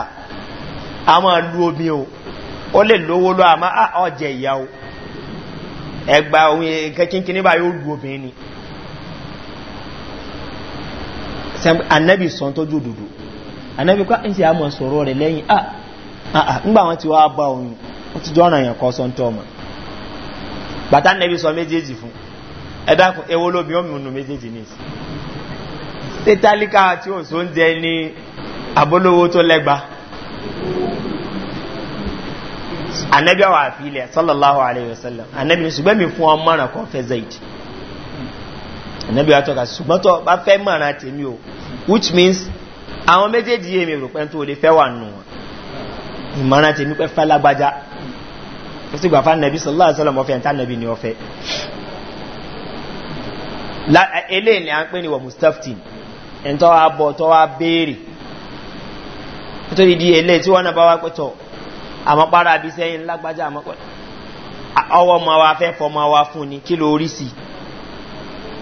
a máa lu omi o ó lè lówó lọ àmọ́ ọ̀jẹ̀ ah, ìyá o egba ohun ẹ̀kẹ́ kínkín a yóò du obìnrin ni anabi sọ tó ju anabi kọ́ ẹ̀sìn àmọ̀ sọ̀rọ̀ rẹ̀ lẹ́yìn à ah, à ah, ah. ńgbà wọn ti wá bá ohun wọn ti jọ́ ọ̀nà yẹn kọ́ sọ tó ọmọ bàtà anabi sọ méjèèjì fún ẹ dákun ewo lóbi wọn mú méjèèjì ní ìsìn tẹ́tálíkà tí òṣòǹjẹ ní anabi awa afilẹ sallallahu alayhi wa sallam anabi ṣùgbọ́n mi fún ọ mọ́ràn kan fẹ́ zaidi anabi wa tọ́ka ṣùgbọ́n tọ́ bá fẹ́ mọ́ràn tèmi o which means àwọn méjèèjì yé mi rò pé tó o lè fẹ́ wà nù wọn ìmọ̀ràn tèmi pẹ́ falágbájá ó sì gbà fún anabi sallallahu alayhi wa sallam ọ̀fẹ́ níta anabi ni ọ̀fẹ́ eléyìí ni à ń pè ní wọ mustaftin ẹ̀ńtọ́ wa bọ̀ tọ́ wa béèrè nítorí di eléyìí tí wọ́n náà bá wá pẹ́ tọ́ àmọ́ para àbí sẹ́yìn lágbájá àmọ́ pẹ̀lú ọwọ́ ma wa fẹ́ fọ́ ma wa fún ni kí ló rí sí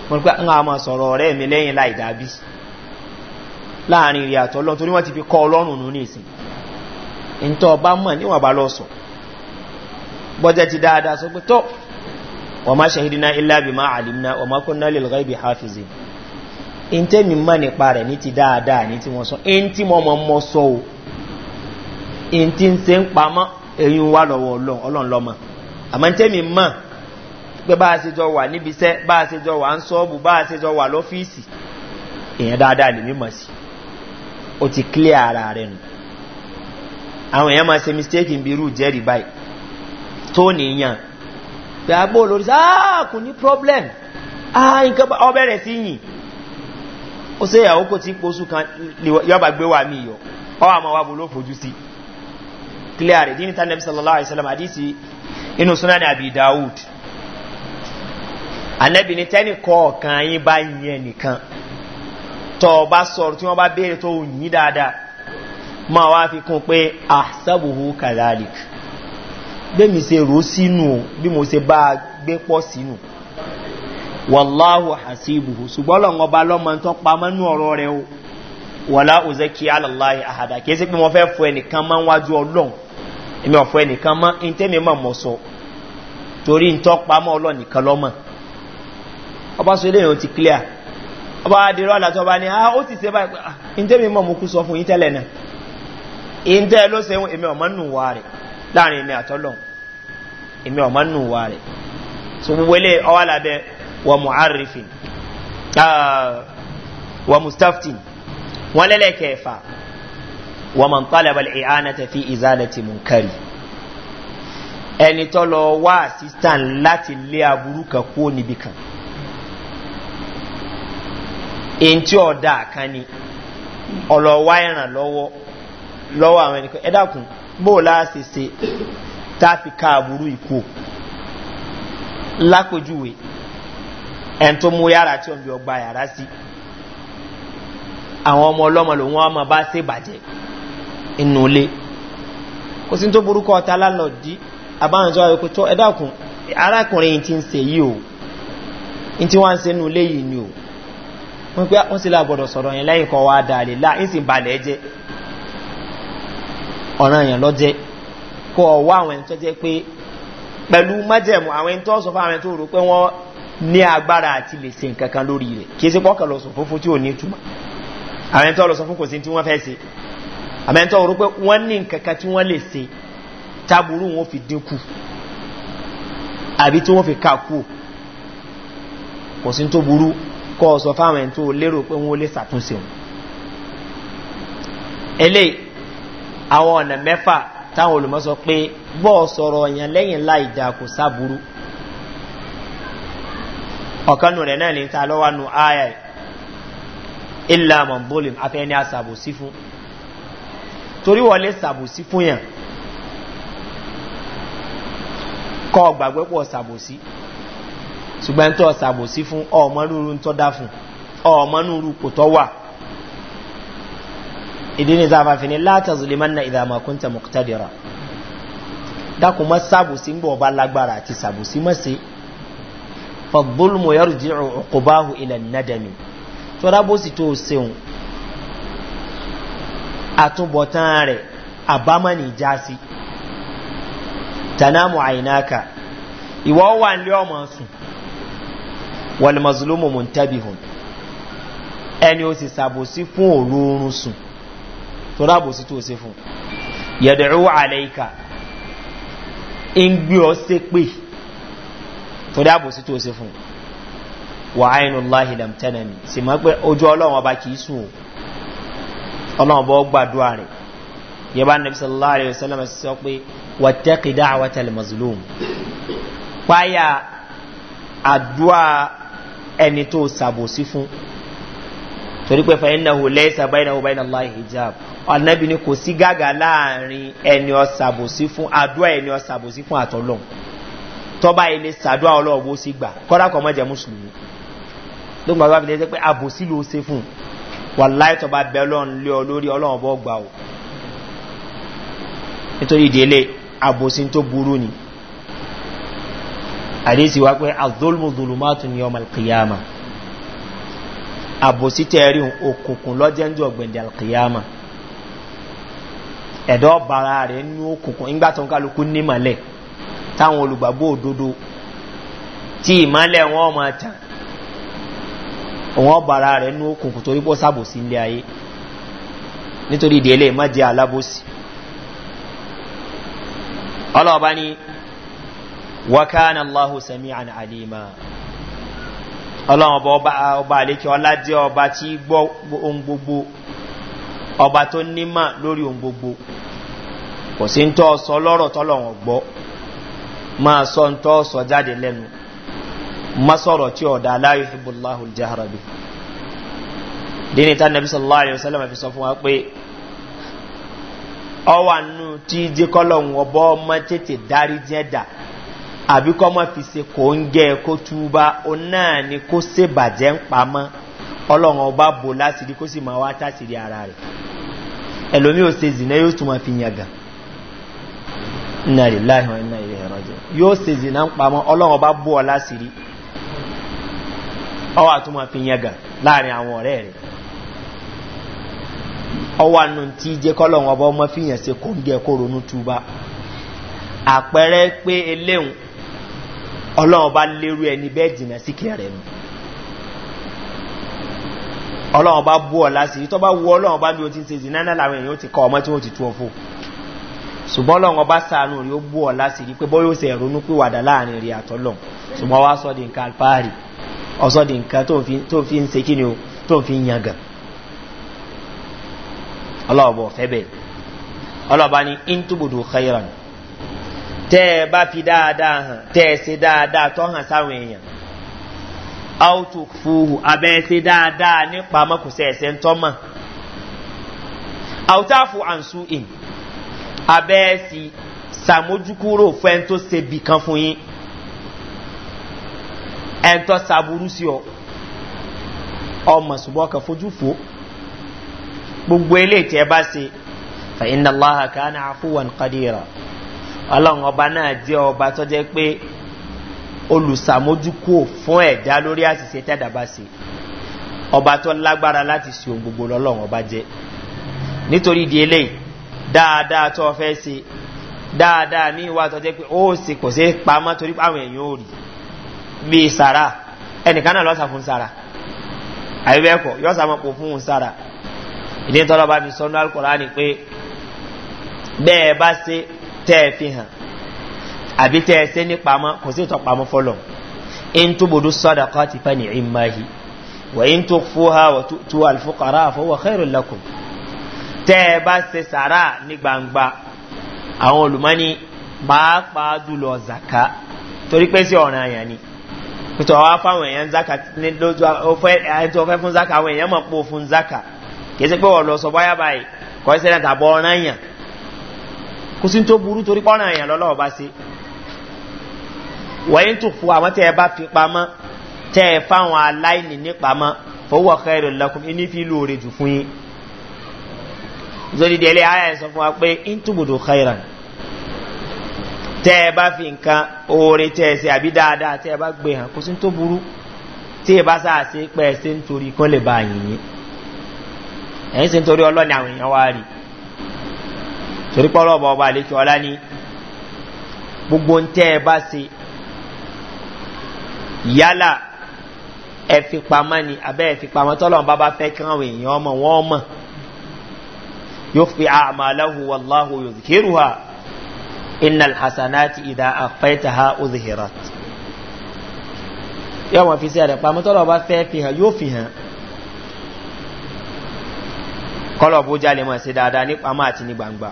mo ní pé ń àmọ́ sọ̀rọ̀ ọ̀rẹ́ mi lẹ́yìn láì dàbí láàrin ìrìn àtọ́ lọ́n torí wọ́n ti fi kọ́ ọlọ́run nù ní ìsìn ntọ́ ọba mọ̀ níwọ̀n bá lọ sọ bọ́jẹ́ ti dáadáa sọ pé tó wọ́n má ṣe hídínà ilá bí má àlìmná wọ́n má kó náà lọ́gá ibi hafizi ntẹ́mi mọ̀ nípa rẹ̀ ní ti dáadáa ní ti wọ́n sọ ntí mọ̀ mọ̀ sọ o ntí ń se eyi nwa eyín wà lọ́wọ́ ọlọ́run lọ́mọ àmọ́ ntẹ́mi pé ṣe jọ níbi iṣẹ́ ṣe jọ wà ń dáadáa lè o ti clear ara rẹ nù àwọn èèyàn máa ṣe mistake bí irú jẹ́rìí tó nìyàn olórí sá ah, kò ní problem ah, sí yìn ó ṣe ìyàwó kò tí kan yọba gbé wà mí yọ ọ àmọ́ wa bò clear rẹ̀ dínítà nàbí sallallahu alayhi wa sallam àdísì inú súná ní àbí dawud anabi ní tẹ́nì kọ̀ọ̀kan yín bá yẹn nìkan tọ́ ọ bá sọ̀rọ̀ tí wọ́n bá béèrè tó yín dáadáa máa wá fi kún pé àṣàbùhù kàdálìk bẹ́ẹ̀ mi ṣe rò sínú bí mo ṣe bá a gbé pọ̀ sínú wàláhù hasibuhu ṣùgbọ́n lọ́wọ́ ọba lọ́mọ tó pamọ́ nú ọ̀rọ̀ rẹ o wàlá òzẹ́kì alàláyé àhàdà kìí sí pé wọ́n fẹ́ fọ ẹnìkan máa ń wájú ọlọ́run èmi ọ̀fọ̀ ẹnìkan mọ́ ntẹ́mi mọ̀ mọ̀ sọ torí ntọ́ pamọ́ ọlọ́nìkan lọ́mọ̀ ọba sọ eléyìí ó ti clear ọba adìrọ́ àlàtọ́ ọba ni ah ó ti ṣe báyìí ah, ntẹ́mi mọ̀ mo kú sọ fún yín tẹ́lẹ̀ náà ìntẹ́ ló ṣe èmi ọ̀mọ́ nù wá rẹ̀ láàrin èmi àtọ́lọ̀ èmi ọ̀mọ́ nù wá rẹ̀ so gbogbo ọwọ́ làbẹ́ wa man talaba al-i'anata fi izalati munkari ẹni tó lọ wá assistant láti lé aburú kan kó níbi kan ntí ọ̀dà kan ni ọlọ́wá ìrànlọ́wọ́ lọ́wọ́ àwọn ẹnìkan ẹ dákun bó o láà ṣe ṣe tá a fi ká aburú ìkó lápèjúwe ẹni tó mú yàrá tí òun bí ọgbà yàrá sí àwọn ọmọ ọlọ́mọ lòun wọn máa bá ṣèbàjẹ́. inú ilé kò sí tó burúkọ a lálọ́dí àbáhànjọ́ ayọ́kú tó ẹ̀dàkùn arákùnrin ti ń se yìí o in ti wọ́n ń se inú ilé ni o wọ́n pé wọ́n sì lágbọ̀dọ̀ sọ̀rọ̀ yẹn lẹ́yìn kọ́ wá láà ń sì balẹ̀ jẹ́ ọ̀ràn lọ́jẹ́ àwọn ẹni tó jẹ́ pé pẹ̀lú àwọn ẹni tó sọ fún àwọn ẹni tó rò pé wọ́n ní agbára àti lè se nǹkan kan lórí rẹ̀ lọ sọ fún fún tí ò ní ìtumọ̀ àwọn àmẹ́ntọ́ ọ̀rọ̀ pé wọ́n ní nkankan tí wọ́n lè se taburu wọn fi dínkù àbí tí wọ́n fi káàkù kò sí tó burú kọ́ ọ̀sọ̀ fáwọn ẹ̀ntọ́ lérò pé wọ́n lè sàtúnṣe wọn eléyìí àwọn ọ̀nà mẹ́fà táwọn olùmọ́sọ pé bọ́ sọ̀rọ̀ ọ̀yàn lẹ́yìn láì dà kò sábúrú ọ̀kan nù rẹ̀ náà lè ta lọ́wọ́ nù áyà ìlà mọ̀bólìm afẹ́ ní àṣàbòsí fún torí wọlé sàbòsí fún yàn kọ́ gbàgbé pọ̀ sàbòsí ṣùgbọ́n tó sàbòsí fún ọmọ lóru tó dá fún ọmọ lóru kò tọ́ wà ìdí ni sáfà fi ni látà zuliman na ìdààmú akúntà mọ̀kútàdìrà dákun mọ́ sàbòsí ń bọ̀ ọba lágbára àti sàbòsí mọ́ sí fọ̀gbọ́lùmọ̀ yọrù jẹ́ ọkọ̀ ilẹ̀ nàdàmì tó rábòsí tó ṣeun àtúbọ̀tán rẹ̀ àbámánì já sí tanamu àìnáka ìwọ́ wà nílé ọmọ sùn wàlmazulumu muntabihun ẹni ó sì sàbòsí fún òrórun sùn tó rábòsí tó sí fún yẹ̀dẹ̀rú àlẹ́ìkà ń gbé ọ sí pé tó rábòsí tó sí fún wà áìnú sì mọ́ pé ojú ọlọ́run ọba kìí sùn o ọlọ́run bọ́ gbàdúrà rẹ̀ yẹ bá nàbí sallallahu alayhi wa sallam sọ pé wàtẹ́kì dá àwọn tẹlẹ mọ̀sùlùm páyà àdúrà ẹni tó sàbòsí fún torí pé fàyín náà lẹ́yìn sàbáyìn náà báyìí náà hijab ọ̀nàbí ni kò sí gàgà láàrin ẹni ọ̀sàbòsí fún àdúrà ẹni ọ̀sàbòsí fún gbà kọ́dà kọ́ mọ́jà mùsùlùmí ló ń gbàgbọ́ àbílẹ̀ pé àbòsí ló ṣe fún wà láìtọ́ bá bẹ ọlọ́run lé ọ lórí ọlọ́run bọ́ gbà ó nítorí ìdílé àbòsí tó burú ni àdéhìsí wá pé azolmuzulumatu ni ọmọ alkiyama àbòsí tẹ̀rí òkùnkùn lọ́jẹ́njọ́ gbẹ̀ndẹ̀ alkiyama ẹ̀dọ́ bara rẹ̀ nínú òkùnkùn nígbà tó ń kálukú nímọ̀lẹ̀ táwọn olùgbàgbọ́ òdodo tí ìmọ̀lẹ̀ wọn máa tàn wọn bara rẹ̀ nú òkùnkùn torí pọ́ sábòsí ilé ayé nítorí ìdí má jẹ́ alábòsí ọlọ́ọ̀bá ni wakana allahu alima ọlọ́ọ̀bá ọba ọlá ọba tí gbọ́ ohun gbogbo ọba tó nímà masọ̀rọ̀ tí ọ̀dà aláyò ìbùláhùn jaharabi dínì tá nàbí sallallahu alayhi wa sallam fi pe o wa pé ti nù tí jẹ́kọ́lọ̀ wọn bọ́ ọmọ tètè dárí da, abi fi se ko nge ko tuba o ó ni kó ṣe bàjẹ́ ń pamọ́ ọlọ́run ọba bò láṣìírí kó sì ara o yóò tún fi yàn gàn láìhàn iná ilé ẹ̀rọ jẹ yóò ọba ọ ọwọ́ àtúmọ̀ fi yẹn gàn láàrin àwọn ọ̀rẹ́ rẹ̀ ọwọ́ àánú tí jẹ́ kọ́lọ́wọ́n ọba ọmọ fìyàn ṣe kó ń gẹ kó ronú túbá àpẹẹrẹ pé eléhùn ọlọ́run bá lérú ẹni bẹ́ẹ̀ jìnà sí kẹrẹ̀ nù ọlọ́run bá bú ọ lásìrí tó bá wú ọlọ́run bá ní o ti ń ṣe jìnà náà làwọn èèyàn ti kọ ọmọ tí wọ́n ti tú ọ fún ṣùgbọ́n ọlọ́run bá sàánú rí ó bú ọ lásìrí pé bóyá ó ṣe ronú pé wàdà láàrin rí àtọ́lọ̀ ṣùgbọ́n wá sọ́ di nǹkan alfáàrí ọ̀sọ́dì nǹkan tó fi ń se kí ni o tó fi ń yangàn ọlọ́ọ̀bọ̀ fẹ́bẹ̀ ọlọ́ọ̀bá ni intubudu khairan tẹ́ ẹ bá fi dáadáa hàn tẹ́ ẹ ṣe dáadáa tó hàn sáwọn èèyàn autu fuhu abẹ́ ṣe dáadáa nípa mọ́kùsẹ̀ ẹ̀ṣẹ̀ ń tọ́mọ̀ autafu ansu in abẹ́ sì sàmójúkúrò fún ẹni tó ṣe bìkan fún yín ẹ̀ńtọ́ sàbúrú sí ọ ọmọ ṣùgbọ́n kan fojú gbogbo eléyìí ẹ bá ṣe fẹ̀yìn náà lọ́hà ká ní ọlọ́run ọba náà jẹ́ ọba tó jẹ́ pé olùsàmójúkò fún ẹ̀dá lórí àṣìṣe tẹ́dà bá ṣe ọba tó lágbára láti ṣe ohun gbogbo lọ́lọ́run ọba jẹ́ nítorí ìdí eléyìí dáadáa tó fẹ́ ṣe dáadáa míì wà tó jẹ́ pé ó sì kò pamọ́ torí pé àwọn èèyàn bíi sàrà ẹnìkan náà lọ́sà fún sàrà àbíbẹ́ẹ̀kọ́ yọ́ sàmọ́ pò fún sàrà ìdí tọ́lọ́ bá mi sọ́nú alukọ̀rá ni pé bẹ́ẹ̀ bá ṣe tẹ́ ẹ fi hàn àbí tẹ́ ẹ ṣe ní pamọ́ kò sí ìtọ́ pamọ́ fọlọ́ in tó bodò sọ́dà kọ́ ti fẹ́ ní ìmáyì wà in tó fó ha wà tó alfukara àfọwọ́ xẹ́rù lẹ́kùn tẹ́ ẹ bá ṣe sàrà ní gbangba àwọn olùmọ́ni pàápàá dùlọ zaka torí pé sí ọ̀ràn àyàn ni pẹ̀tọ̀ wá fáwọn èèyàn zaka lójú ọfẹ́ fún zaka àwọn èèyàn mọ̀ pò fún zaka kìí sí pé wọ́n lọ sọ báyá báyìí kọ́ sí ẹ̀dá bọ́ ọ̀ràn èèyàn kò sí tó burú torí pọ́nà èèyàn lọ́lọ́wọ́ bá sí wọ́n yín tó fún àwọn tẹ́ ẹ bá fi pamọ́ tẹ́ ẹ fáwọn aláìní ní pamọ́ fowó kẹrì lọkùn ní fi lóore jù fún yín zodidẹ́lẹ́ ayé sọ fún wa pé ń túbùdó tẹ́ ẹ bá fi nǹkan oore tẹ́ ẹ ṣe àbí dáadáa tẹ́ ẹ bá gbé hàn kó sí tó burú tí ẹ bá sáà ṣe ẹ ṣe ń torí kán ba yín ń torí ọlọ́ni àwọn èèyàn wá rí torí pọ́lọ́ ọba ọba gbogbo ń tẹ́ ẹ bá ṣe yálà ẹ fi pamọ́ ni abẹ́ ẹ fi pamọ́ tọ́lọ́n alahu bá fẹ́ kí àwọn innal hasanati idà àpẹtàhà òzìhìrat yóò wọn fi sí ẹ̀rẹ̀ pamọ́ tọ́lọ̀ bá fẹ́ fi hàn yóò fi hàn kọ́lọ̀ bó jalè mọ̀ sí dáadáa ní pamọ́ àti ní gbangba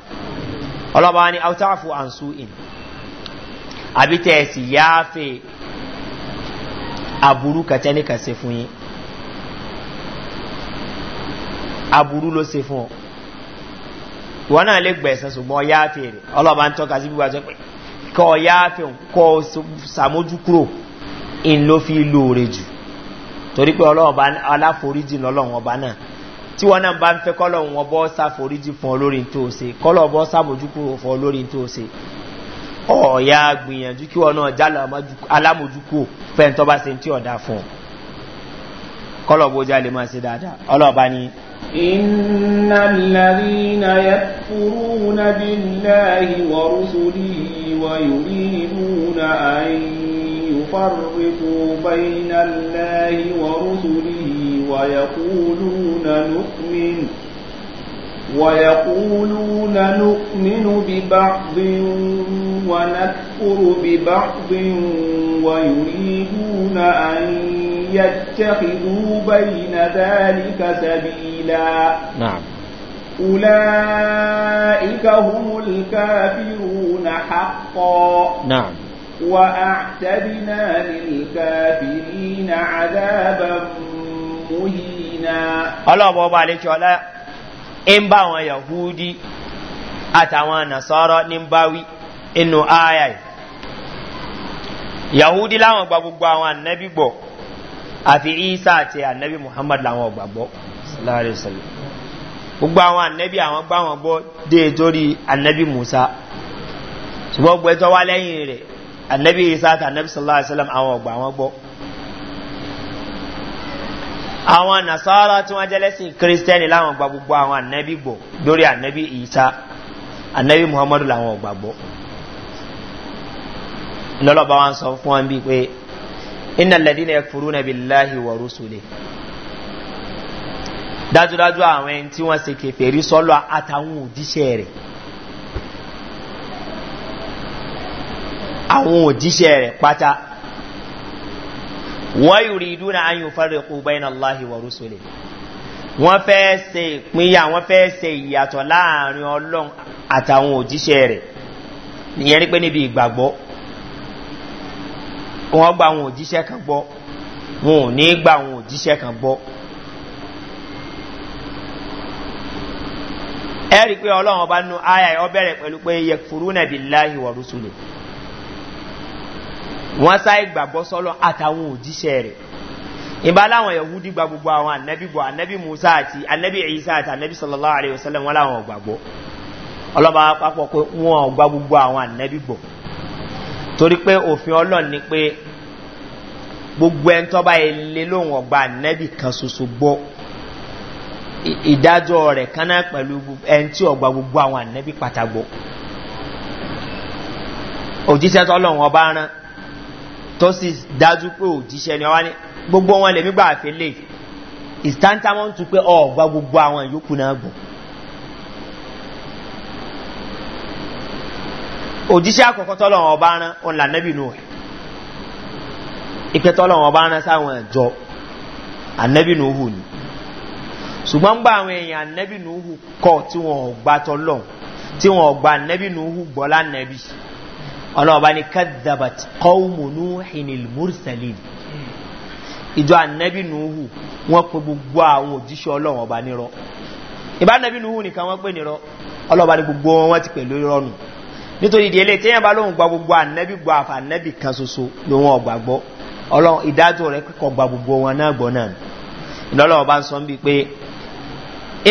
ọlọ́ba ni autafu ansu in àbí tẹ̀sí yááfẹ́ aburú kàtẹ́nìkà se fún yín aburú ló se fún ọ ìwọ náà lè gbẹ̀sán ṣùgbọ́n ọyá fèrè ọlọ́ba ń tọ́ka sí bí wàá sọ pé kọ ọyá fèrè kọ sàmójú kúrò ń ló fi lóore jù torí pé ọlọ́ọ̀ba aláforíjì lọ́lọ́run ọba náà tí wọn náà bá ń fẹ́ kọ́lọ́run ọba ṣàforíjì fún ọ lórí tó ṣe kọ́lọ́ ọba ṣàmójú fún ọ tó ṣe ọ̀ọ́yá gbìyànjú kí wọn náà jálà alámójú fẹ́ntọ́ bá ṣe ń tí ọ̀dà fún ọ. kọ́lọ̀bù ojú alẹ́ máa ṣe dáadáa ọlọ́ọ̀bá ni إن الذين يكفرون بالله ورسله ويريدون أن يفرقوا بين الله ورسله ويقولون نؤمن ويقولون نؤمن ببعض ونكفر ببعض ويريدون أن يتخذوا بين ذلك سبيلا نعم أولئك هم الكافرون حقا نعم وأعتدنا للكافرين عذابا مهينا الله أبو عليك ولا إن باوا يهودي أتوان نصارى نمباوي إنه آية يهودي لا gba gbogbo àwọn ànẹ́bí gbọ́ àfi isa àti anabi muhammad làwọn gbàgbọ́ sàlárẹ̀ sàlẹ̀ gbogbo àwọn anabi àwọn gbà wọn gbọ́ dé torí anabi musa ṣùgbọ́n gbẹ́tọ́ wá lẹ́yìn rẹ̀ anabi isa àti anabi sàlárẹ̀ sàlẹ̀ àwọn gbà wọn gbọ́ àwọn nasara tí wọ́n jẹ́lẹ́sìn kírísítẹ́nì láwọn gba gbogbo àwọn anabi gbọ́ lórí anabi isa anabi muhammadu làwọn gbàgbọ́ lọ́lọ́ba wọn sọ fún wọn bíi pé iná lẹ́dínà ẹ̀fúrú nàbí láhì wọ̀rú sùlẹ̀ dájúdájú àwọn ẹni tí wọ́n se kẹfẹ́ rí sọ́lọ́ àtàwọn òjíṣẹ́ rẹ̀ àwọn òjíṣẹ́ rẹ̀ pátá wọ́n yìí rí dúnà ayò fẹ́rẹ̀ kú bẹ́ẹ̀ náà láhì wọ̀rú sùlẹ̀ wọ́n fẹ́ ìpínyà wọ́n fẹ́ se ìyàtọ̀ láàrin ọlọ́run àtàwọn òjíṣẹ́ rẹ̀ ìyẹn ní pé níbi ìgbàgbọ́ wọ́n gba àwọn òjíṣẹ́ kan gbọ́ wọn ò ní gba àwọn òjíṣẹ́ kan gbọ́. ẹ rí i pé ọlọ́run ọba nu aya ọ bẹ̀rẹ̀ pẹ̀lú pé yẹ furu nàbí láhi wà rúṣulè wọ́n sáyé gbàgbọ́ sọ́lọ́ àtàwọn òjíṣẹ́ rẹ̀ ìbá láwọn yahudi gba gbogbo àwọn anabi bọ̀ anabi musa àti anabi isa àti anabi sallallahu alayhi wa sallam wọn làwọn ò gbàgbọ́ ọlọ́ba pápọ̀ pé wọn ò gba gbogbo àwọn anabi bọ̀ torí pé òfin ọlọ́run ni pé gbogbo ẹni tọ́ba ilé lóhùn ọgbà nẹ́bì kan ṣoṣo gbọ́ ìdájọ́ rẹ̀ kaná pẹ̀lú ẹni tí ọgbà gbogbo àwọn ànẹ́bì pàtàgbọ́ òjíṣẹ́ tọ́lọ́run ọba rán tó sì dájú pé òjíṣẹ́ ni ọwá ní gbogbo wọn lèmi gbà àfẹ́lẹ́ ìstántàmọ́ntù pé ọgbà gbogbo àwọn ìyókù náà gbọ́ òjíṣẹ́ àkọ́kọ́ tọ́lọ̀wọ̀n ọba rán òun là nẹ́bì nù ìpẹ́ tọ́lọ̀wọ̀n ọba rán sáwọn ẹ̀jọ́ ànẹ́bì nù hù ni ṣùgbọ́n gbà àwọn èèyàn ànẹ́bì nù hù kọ́ tí wọ́n gba tọ́lọ̀ tí wọ́n gba ànẹ́bì nù hù gbọ́ lánẹ́bì ọlọ́ọ̀bá ni kadabat kọ́ọ̀mùnú hinil mursalin ìjọ ànẹ́bì nù hù wọ́n pe gbogbo àwọn òjíṣẹ́ ọlọ́wọ̀n ọba nírọ́ ìbá ànẹ́bì nù hù nìkan wọ́n pè nírọ́ ọlọ́ọ̀bá ni gbogbo wọn ti pè rọ́nù nítorí ìdílé téèyàn bá lóun gba gbogbo ànábì gba àfà ànábì kan ṣoṣo lòun ọ̀gbàgbọ́ ọlọ́run ìdájọ́ rẹ̀ kíkọ́ gba gbogbo wọn náà gbọ́ náà ìlọ́lọ́wọ́ bá ń sọ bí pé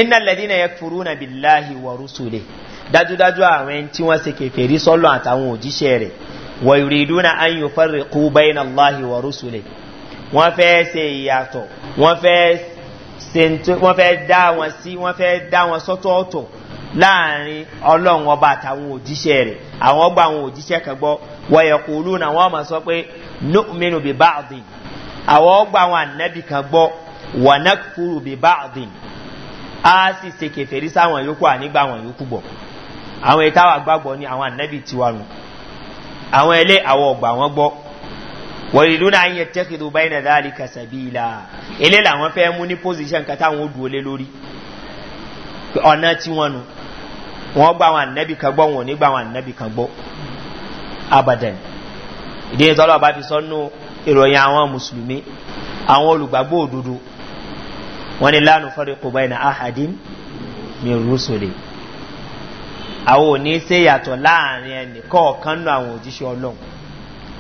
iná lẹ́dínà yẹ furu nàbí láàhì wọ̀rú sùlẹ̀ dájúdájú àwọn ẹni tí wọ́n ṣe kẹfẹ́rí sọ́lọ́ àtàwọn òjíṣẹ́ rẹ̀ wọ̀ ìrìdúnà ayò fẹ́rẹ̀ kú bẹ́yìn láàhì wọ̀rú sùlẹ̀ wọ́n fẹ́ ṣe ìyàtọ̀ wọ́n fẹ́ dá wọn sí wọ́n fẹ́ dá wọn sọ́tọ̀ọ̀tọ̀ láàrin ọlọ́run ọba àtàwọn òjíṣẹ́ rẹ̀ àwọn ọgbà àwọn òjíṣẹ́ kan gbọ́ wọ̀yẹ̀ kò lóun àwọn ọmọ sọ pé nómìnú bíi báàdìn àwọn ọgbà àwọn ànábì kan gbọ́ wọ̀nà kúrò bíi báàdìn á sì ṣe kẹfẹ́rí sáwọn yòókù ànígbà àwọn yòókù gbọ́ àwọn ètò àwọn àgbàgbọ́ ni àwọn ànábì tiwa nù àwọn ẹlẹ́ àwọn ọgbà wọn gbọ́ wọ̀yẹ̀ lónà ayé tẹ́kìdù báyìí nà dáàlì kàṣàbíìlà eléyìí wọ́n gbá àwọn ànẹ́bì kan gbọ́ wọn ò ní gbá àwọn ànẹ́bì kan gbọ́ abadan ìdí ní tọ́lọ́ fi sọ́nù ìròyìn àwọn mùsùlùmí àwọn olùgbàgbọ́ òdodo wọ́n ní lánàá fọ́rẹ́ kò báyìí ahadim mi rúṣòlè àwọn ò ní ṣe yàtọ̀ láàrin ẹnì kọ̀ọ̀kan nù àwọn òjíṣẹ́ ọlọ́run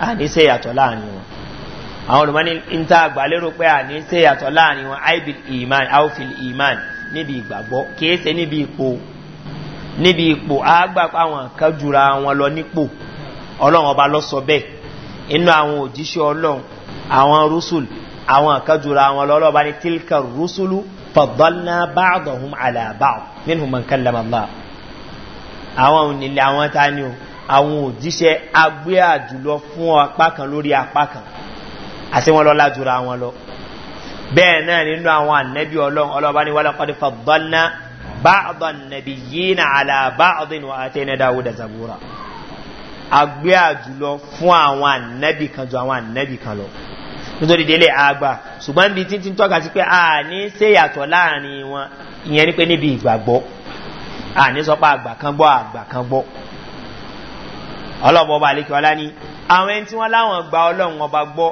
à ní ṣe yàtọ̀ láàrin wọn àwọn olùmọ́ni ń tá àgbà lérò pé à ní ṣe yàtọ̀ láàrin wọn aibil iman aofil iman níbi ìgbàgbọ́ kìí ṣe níbi ipò níbi ipò àgbà àwọn kan jura wọn lọ nípò ọlọ́run ọba lọ sọ bẹ́ẹ̀ inú àwọn òjíṣẹ́ ọlọ́run àwọn rúṣùl àwọn kan jura wọn lọ ọlọ́ba ní tílkà rúṣùlù fọ̀dọ́lá báàdọ̀ hùm àlàbà nínú mọ̀nkánlámàlá àwọn onílé àwọn tá ni o àwọn òjíṣẹ́ agbé àjùlọ fún apá kan lórí apá kan àti wọn lọ lájura wọn lọ bẹ́ẹ̀ náà nínú àwọn ànẹ́bí ọlọ́run ọlọ́ba ní wàlá pàdé بعض النبيين على ba'din wa atayna dawuda zabura agbe ajulo fún àwọn annabi kan ju àwọn annabi kan lọ nítorí délé àgbà ṣùgbọ́n bí títí tọ́ka sí pé a ní ṣe yàtọ̀ láàrin wọn ìyẹn ni pé níbi ìgbàgbọ́ a ní sọ pé àgbà kan gbọ́ àgbà kan gbọ́ ọlọ́mọ ọba àlekè ọlá ni àwọn ẹni tí wọ́n láwọn gba ọlọ́run ọba gbọ́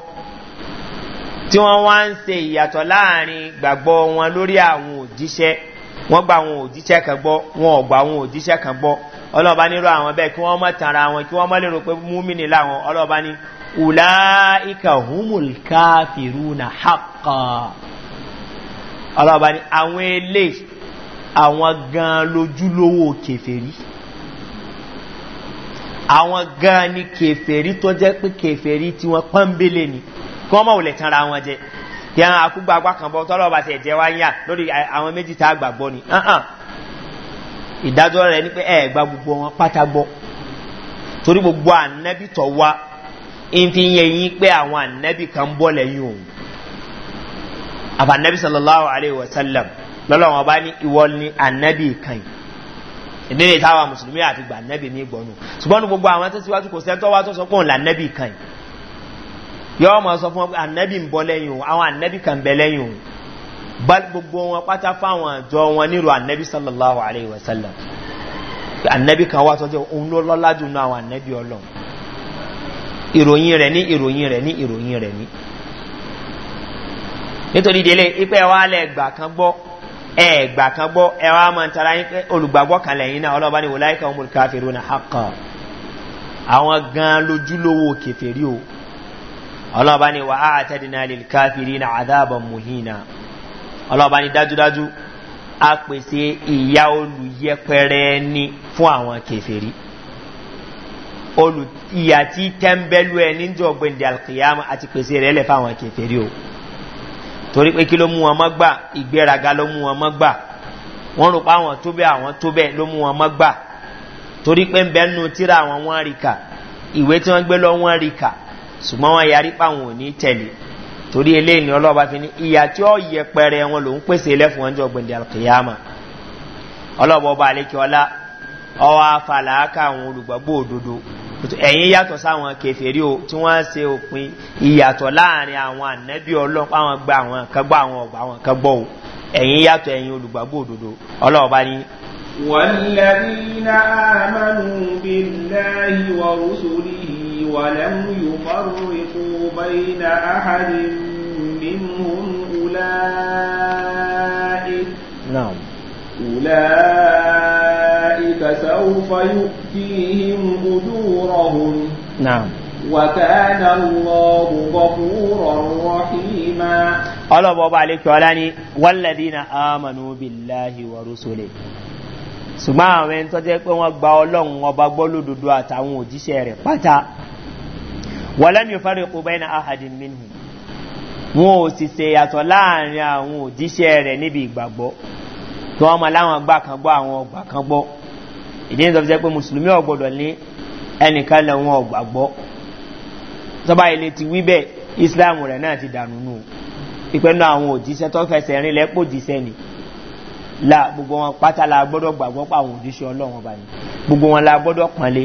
tí wọ́n wá ń ṣe ìyàtọ̀ láàrin gbàgbọ́ wọn lórí àwọn òjíṣẹ́ wọ́n gba àwọn òjíṣẹ́ kan gbọ́ wọn ò gba àwọn òjíṣẹ́ kan gbọ́ ọlọ́ọ̀bá nírú àwọn bẹ́ẹ̀ kí wọ́n mọ̀ tara wọn kí wọ́n mọ̀ lérò pé múmìnì láwọn ọlọ́ọ̀bá ní ùlá ìkà humul káfìrú na ọlọ́ọ̀bá ní àwọn ilé àwọn gan lójúlówó kẹfẹ́rí àwọn gan ni kẹfẹ́rí tó jẹ́ pé kẹfẹ́rí tí wọ́n pọ́nbélé ni kí wọ́n mọ̀ wùlẹ̀ tara wọn jẹ́ kí àwọn akúgbà apá kan bọ́ tọ́lọ́ bá tẹ̀ jẹ́ wá ń yà lórí àwọn méjì tá a gbàgbọ́ ni ìdájọ́ rẹ̀ ni pé ẹ̀ gba gbogbo wọn pátá gbọ́ torí gbogbo ànábì tọ̀ wá ń fi yẹ yín pé àwọn ànábì kan bọ́ lẹ́yìn òun àbá ànábì sallallahu alayhi wa sallam lọ́lọ́wọ́n bá ní ìwọ ni ànábì kan yìí ìbéèrè táwa mùsùlùmí àti gbà ànábì mi gbọ́nù ṣùgbọ́n gbogbo àwọn tó síwájú kò sẹ́ńtọ́ wá tó sọ pé òun là ànábì kan yìí yọ́ ma sọ fún ànẹ́bì ń bọ́ lẹ́yìn òun àwọn ànẹ́bì kan bẹ lẹ́yìn òun bá gbogbo wọn pátá fáwọn àjọ wọn nílò ànẹ́bì sallallahu alayhi wa sallam ànẹ́bì kan wá tọ́jú òun ló lọ́lá jù náà àwọn ànẹ́bì ọlọ́run ìròyìn rẹ̀ ní ìròyìn rẹ̀ ní ìròyìn rẹ̀ ní. nítorí délé ipẹ́ wa lẹ̀ gbà kan gbọ́ ẹ gbà kan gbọ́ ẹ wá máa tara olùgbàgbọ́ kan lẹ́yìn náà ọlọ́ba ni wòláyìí kan mú káfíìrún náà àwọn gan lójúlówó kẹfẹ́rí o ọlọ́ọ̀bá ni wà á àtẹ́dínà lè káfìrí ní àdáàbọ̀ mùhínà ọlọ́ọ̀bá ni dájúdájú a pèsè ìyá olùyẹpẹrẹ ni fún àwọn kẹfẹ́rí ìyà tí tẹ́ḿbẹ́lú ẹ níjọ́ gbẹ̀ndì alkiyama àti pèsè rẹ̀ lẹ̀ fáwọn kẹfẹ́rí o torí pé kí ló mú wọn mọ́ gbà ìgbéraga ló mú wọn mọ́ wọ́n rò pé tó bẹ́ẹ̀ àwọn tó bẹ́ẹ̀ ló mú wọn mọ́ torí pé ń bẹ́ẹ̀ nu tíra àwọn wọn rí ìwé tí wọ́n gbé lọ wọn rí ṣùgbọ́n wọn yarí páwọn ò ní tẹ̀lé torí eléyìí ni ọlọ́ọ̀bá fi ní ìyá tí ó yẹ pẹrẹ wọn lòún pèsè lẹ́fún wọn jọ gbẹ̀dẹ̀ alkiyama ọlọ́ọ̀bá ọba àlekíọ́lá ọwọ́ afàlàákà àwọn olùgbàgbọ́ òdodo ẹ̀yìn yàtọ̀ sáwọn kẹfẹ́rí o tí wọ́n ṣe òpin ìyàtọ̀ láàrin àwọn ànẹ́bí ọlọ́pàá àwọn gba àwọn kan ولم يفرقوا بين أحد منهم أولئك نعم أولئك سوف يؤتيهم أجورهم نعم وكان الله غفورا رحيما قال أبو عليك ولاني والذين آمنوا بالله ورسله ṣùgbọ́n àwọn ẹni tó jẹ́ pé wọ́n gba ọlọ́run ọba gbọ́ lódodo àtàwọn òjíṣẹ́ rẹ̀ pátá wọ́lẹ́mí fẹ́rẹ̀ kó bẹ́ẹ̀ ní ahadin minhu wọn ò sì ṣe yàtọ̀ láàrin àwọn òjíṣẹ́ rẹ̀ níbi ìgbàgbọ́ tí wọ́n mọ láwọn ọgbà kan gbọ́ àwọn ọgbà kan gbọ́ ìdí ní sọ́fíṣẹ́ pé mùsùlùmí ọ̀gbọ́dọ̀ ní ẹnìkan lẹ̀ wọn ọgbà gbọ́ sọ́ba ilé ti wí bẹ́ẹ̀ islam rẹ̀ náà ti dànù nù ìpẹ́nu àwọn òjíṣẹ́ tó fẹsẹ̀ rìn lẹ́pọ̀ òjíṣẹ́ ni la gbogbo wọn pátá la gbọ́dọ̀ gbàgbọ́ pa àwọn òjíṣẹ́ ọlọ́run ọba ni gbogbo wọn la gbọ́dọ̀ pọ̀nlé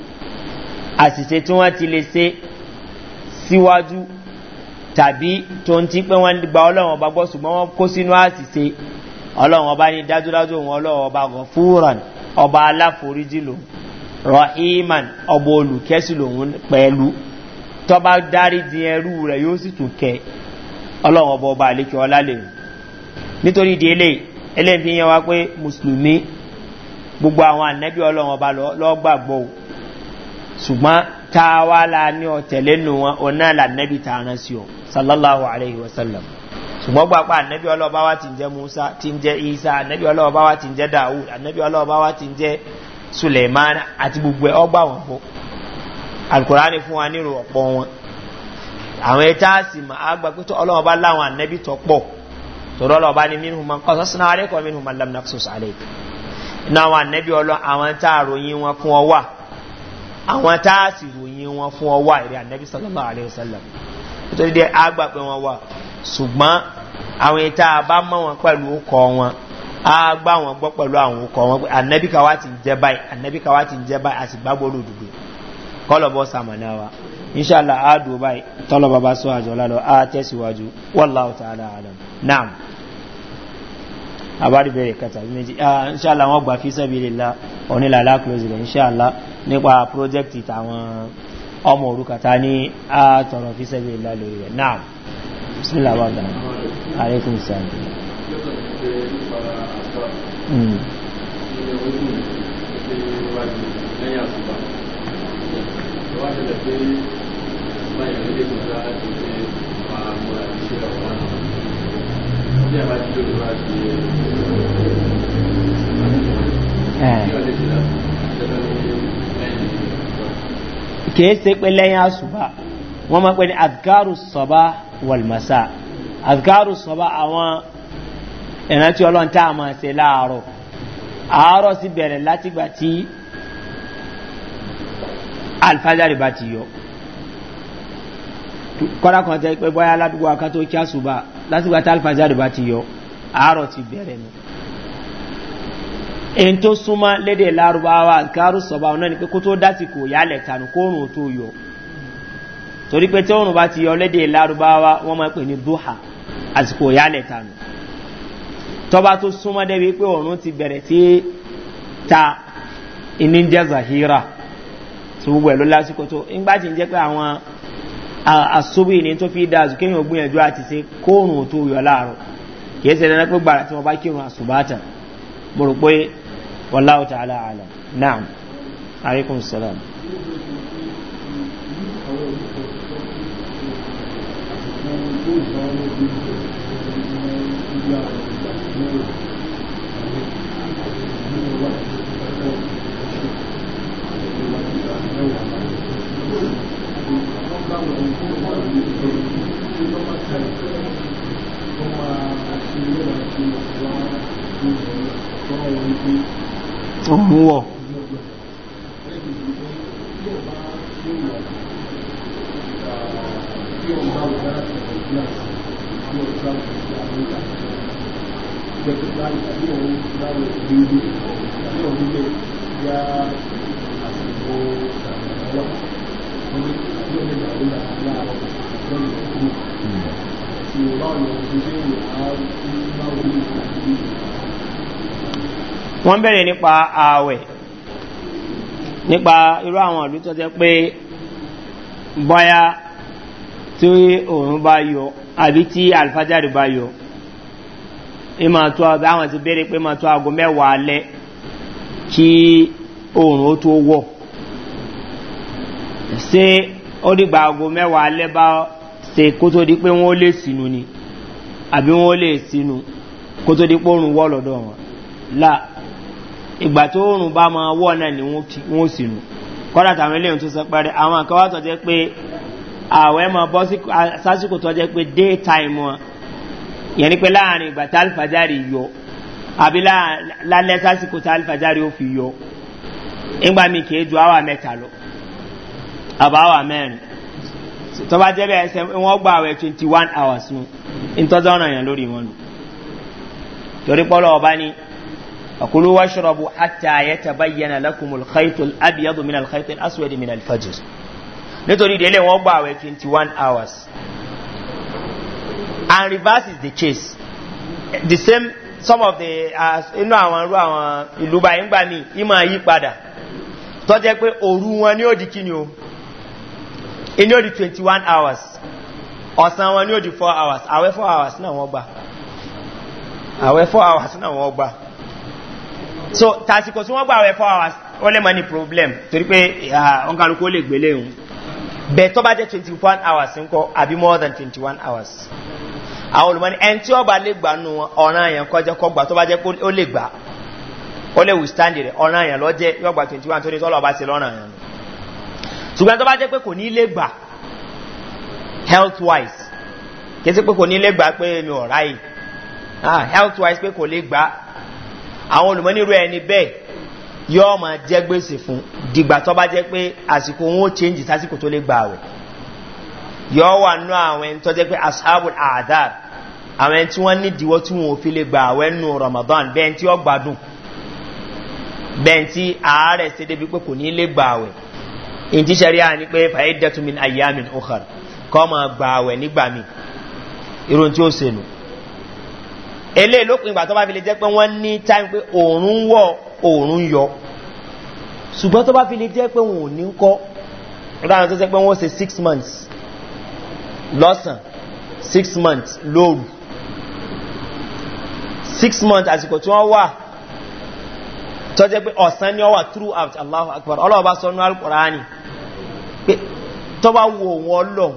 àṣìṣe tí wọ́n ti lè ṣe síwájú tàbí tó ń ti pé wọ́n gba ọlọ́run ọba gbọ́ ṣùgbọ́n wọ́n kó sínú àṣìṣe ọlọ́run ọba ní dájúdájú òun ọlọ́run ọba gan fúran ọba aláforíjì lòun rahiman ọba olùkẹ́sì lòun pẹ̀lú tọ́ba dárí di ẹrú rẹ̀ yóò sì tún kẹ́ ọlọ́run ọba ọba àlékè ọlá lèun nítorí ìdí eléyìí eléyìí fi yẹn wá pé mùsùlùmí gbogbo àwọn ànẹ́bí ọlọ́run ọba lọ́ọ́ gbàgbọ́ ṣùgbọ́n tàwa la ní ọ̀tẹ̀lẹ́ nù wọn ọ̀nà lànàbí tààrà sí ọ sallallahu alayhi wa sallam ṣùgbọ́n gbàgbà ànàbí ọlọ́ọ̀bá wa ti ń jẹ́ musa ti ń jẹ́ isa ànàbí ọlọ́ọ̀bá wa ti ń jẹ́ dawud ànàbí ọlọ́ọ̀bá wa ti ń jẹ́ suleiman àti gbogbo ẹ ọgbà wọn fún alukurani fún wa nírò ọ̀pọ̀ wọn àwọn ẹ̀ta sì mà á gbà pé ọlọ́ọ̀bá láwọn ànàbí tọ́ pọ̀ tọ́rọ ọlọ́ọ̀bá ni mínú ma kọ́ sọ́sọ́nà àríkọ̀ mínú ma lamnaksus àríkọ̀ náà àwọn ànàbí ọlọ́ àwọn tá àròyìn wọn fún ọ wà àwọn táàsì ròyìn wọn fún ọwà ìrẹ́ ànẹ́bí sallallahu alayhi wa sallam nítorí dé àgbà pé wọn wà ṣùgbọ́n àwọn ìta bá mọ́ wọn pẹ̀lú ọkọ̀ wọn á gbá wọn gbọ́ pẹ̀lú àwọn ọkọ̀ wọn pé ànẹ́bí káwá ti ń jẹ́ báyìí ànẹ́bí káwá ti ń jẹ́ báyìí àti gbàgbọ́ olódodo kọ́lọ̀bọ̀ sàmọ̀nà wa inṣàlá àádùn báyìí tọ́lọ̀ bàbá sọ àjọ lálọ́ á wọ́n láwùtà àdàm àbárí bẹ̀rẹ̀ kẹta bí méjì ṣáàlá ah, wọn gbà fíṣẹ́ bí lèla onílàlá close rẹ̀ ṣáàlá nípa project tàwọn ọmọ òrukàtà ní àtọ̀rọ̀ fíṣẹ́ bí lèla lórí rẹ̀ náà bismillah wa Eh. kìí ṣe pé lẹ́yìn àṣùbá wọ́n máa pẹ́ ní adgaru sọba walmasa adgaru sọba àwọn ìrántí ọlọ́ntà àmà ṣe láàárọ̀ àárọ̀ sí bẹ̀rẹ̀ látìgbà tí alfajari bá ti yọ kọ́dà kan tẹ́ pé bọ́yá aládùúgbò akátó kí àṣùbá lásìgbà tí alifajari bá ti yọ àárọ̀ ti bẹ̀rẹ̀ nù èyí tó súnmọ́ léde lárúbáwá kárù sọ̀bà ọ̀nà ni pé kó tó dásì kò yálẹ̀ tànù kóòrùn tó yọ torí pé tí òòrùn bá ti yọ léde lárúbáwá wọ́n máa pè ní duha àsìkò yálẹ̀ tànù tọ́ba tó súnmọ́ débi pé òòrùn ti bẹ̀rẹ̀ sí ta ìníjẹ́ zahira tó gbogbo ẹ̀ ló lásìkò tó ńgbà tí ń jẹ́ pé àwọn àṣóbì ní tó fi dáa zùkẹ́ yóò gbìyànjú àti ṣe kóòrùn tó yọ láàrọ̀ kìí ṣe dandan pé gbàrà tí wọ́n bá kírun àṣùbátà mo rò pé wọ́n láwọ̀ aláàlá náà àríkùn sẹ́lẹ̀m. Thank you òun Thank you wọ́n bẹ̀rẹ̀ nípa ààwẹ̀ nípa irú àwọn ìlú tó jẹ́ pé bọ́yá tí òun bá yọ àbí tí alfajari bá yọ ìmọ̀ tó ọ̀bẹ̀ àwọn ti bẹ̀rẹ̀ pé mọ̀ tó aago mẹ́wàá alẹ́ kí òun ó tó wọ̀ se ó dìgbà aago mẹ́wàá alẹ́ bá ṣe kó di pé wọ́n lè sínú ni àbí wọ́n lè sínú kó tó di pé òrùn wọ́ lọ́dọ̀ wọn là ìgbà tó òrùn bá máa wọ̀ náà ni wọ́n sínú kọ́dà tàwọn eléyìí tó sọ pẹ́rẹ́ àwọn àkọ́wà tó jẹ́ pé àwẹ̀ máa bọ́ sásìkò tó jẹ́ pé day time wọn yẹn ni pé láàrin ìgbà tá alifajari yọ àbí lálẹ́ sásìkò tá alifajari ó fi yọ ìgbà mi kì í ju àwà mẹ́ta lọ àbáwà mẹ́rin tó bá jẹ́ bẹ́ẹ̀ ṣe wọ́n gbà wẹ̀ twenty one hours nu ntọ́jú ọ̀nà yẹn lórí wọn nù torí pọ́lọ́ ọba ni ọ̀kúlù wá ṣọ́rọ̀bù àti àyẹ̀tà bá yẹn alákùnmù lxaitul abiyadu min alxaitul aswadi min alfajir nítorí ìdílé wọn gbà wẹ̀ twenty one hours and reverse is the case the same some of the inú àwọn irú àwọn ìlú báyìí ń gbà mí ìmọ̀ yí padà tọ́jẹ́ pé òru wọn ni ó di kí ni o ní ó di twenty one hours ọ̀sán wọn ní ó di four hours àwẹ́ four hours náà wọ́n gbà àwẹ́ four hours náà wọ́n gbà so tàsìkò tí wọ́n gbà àwẹ́ four hours wọ́n lè mọ́ ní problem torí pé ọ̀nkàlùkù ó lè gbélé òun bẹ́ẹ̀ tó bá jẹ́ twenty one hours ńkọ́ àbí more than 21 hours àwọn olùmọ́ni ẹni tí ọba lè gbà nù wọn ọ̀ràn àyàn kọjá kọ́ gbà tó bá jẹ́ pé ó lè gbà ó lè withstand rẹ̀ ọ̀ràn àyàn lọ́jẹ́ yọ̀gbà twenty torí tọ́lọ̀ ọba ṣe lọ́ràn àyàn ṣùgbọ́n tó bá jẹ́ pé kò ní lè gbà health wise kì í sí pé kò ní lè gbà pé mi ò ráyè ah, health wise pé kò lè gbà àwọn olùmọ́nirú ẹni bẹ́ẹ̀ yóò máa jẹ́ gbèsè fún dìgbà tó bá jẹ́ pé àsìkò wọn ó change sásìkò tó lè gbà rẹ̀ yóò wà nú àwọn ẹni tó jẹ́ pé ashabul adar àwọn ẹni tí wọ́n ní ìdíwọ́ tí wọn fi lè gbà àwẹ́ nù ramadan bẹ́ẹ̀ tí ó gbádùn bẹ́ẹ̀ tí ààrẹ ṣe débi pé kò ní lè gbà àwẹ̀ ìtí sẹ́ríà ni pé fàyẹ́dẹ́tùmí ayámin ọ̀hàn kọ́ máa gbà àwẹ̀ nígbà mi irun tí ó sèlú eléyìí lópin ìgbà tó bá fi lè jẹ́ pé wọ́n ní táìmù pé òòrùn wọ̀ òòrùn yọ ṣùgbọ́n tó bá fi lè jẹ́ pé wọn ò ní kọ́ ráàrùn tó jẹ́ pé wọ́n ṣe six months lọ́sàn six months lóòrù six months àsìkò tí wọ́n wà tó jẹ́ pé ọ̀sán ni wọ́n wà throughout allahu akbar ọlọ́ọ̀bá sọ nínú alukọ̀rọ̀ ánì pé tọ́wá wo òun ọlọ́run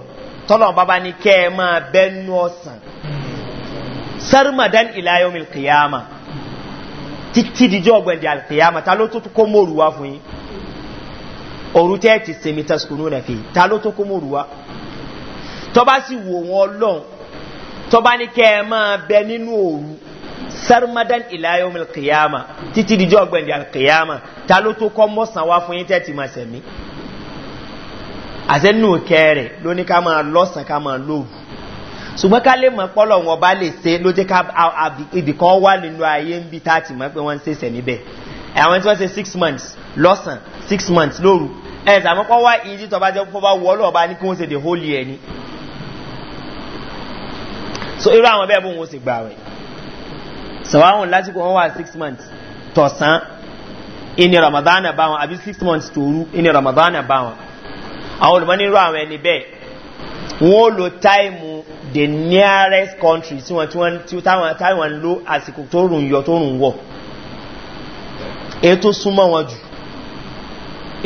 tọ́lọ́run bàbá ní kẹ́ ẹ máa bẹ́nu ọ̀sán sẹ́rìmọ̀dán ìlàyọ̀mí kìyàmà títí dìjọ́ ọ̀gbẹ̀dẹ̀ àkìyàmà ta ló tó kó mòrù wá fún yín òru tẹ́ ti sèmi tẹ́sùkúnú rẹ̀ fi ta ló tó kó mòrù wá tọ́ba sì wo òun ọlọ́run tọ́ba ní kẹ́ ẹ máa bẹ nínú òru sẹ́rìmọ̀dán ìlàyọ̀mí kìyàmà títí dìjọ́ ọ̀gbẹ̀dẹ̀ àkìyàmà ta ló tó kọ́ mọ́sàn wá fún yín tẹ́ ti máa sẹ̀mí àṣẹ́nù kẹrẹ̀ ló ní ká máa lọ́sàn ká máa lóòrù ṣùgbọ́n ká lè mọ̀ pọ́lọ̀ wọn bá lè ṣe ló jẹ́ ká ibìkan wà nínú ayé ń bí táàtì mọ́ pé wọ́n ń ṣèṣẹ̀ níbẹ̀ àwọn tí wọ́n ṣe six months lọ́sàn six months lóòrù ẹ̀ ṣàmọ́kọ́ wá ìdí tọ́ba jẹ́ fọ́ba wọ́ọ́lọ́ ọba ní kí wọ́n ṣe the whole year so irú àwọn bẹ́ẹ̀ bó wọn ṣe gbà wẹ̀ sọ̀wáhùn lásìkò wọn wà six months tọ̀sán ìní Ramadan bá wọn àbí six months tòru ìní ramadana bá wọn àwọn olùmọ́nirú àwọn ẹni bẹ́ẹ̀ wọ́n lo táìmù the nearest country tí wọ́n táwọn lo àsìkò tó rùn yọ tó rùn wọ̀ èyí tó súnmọ́ wọn jù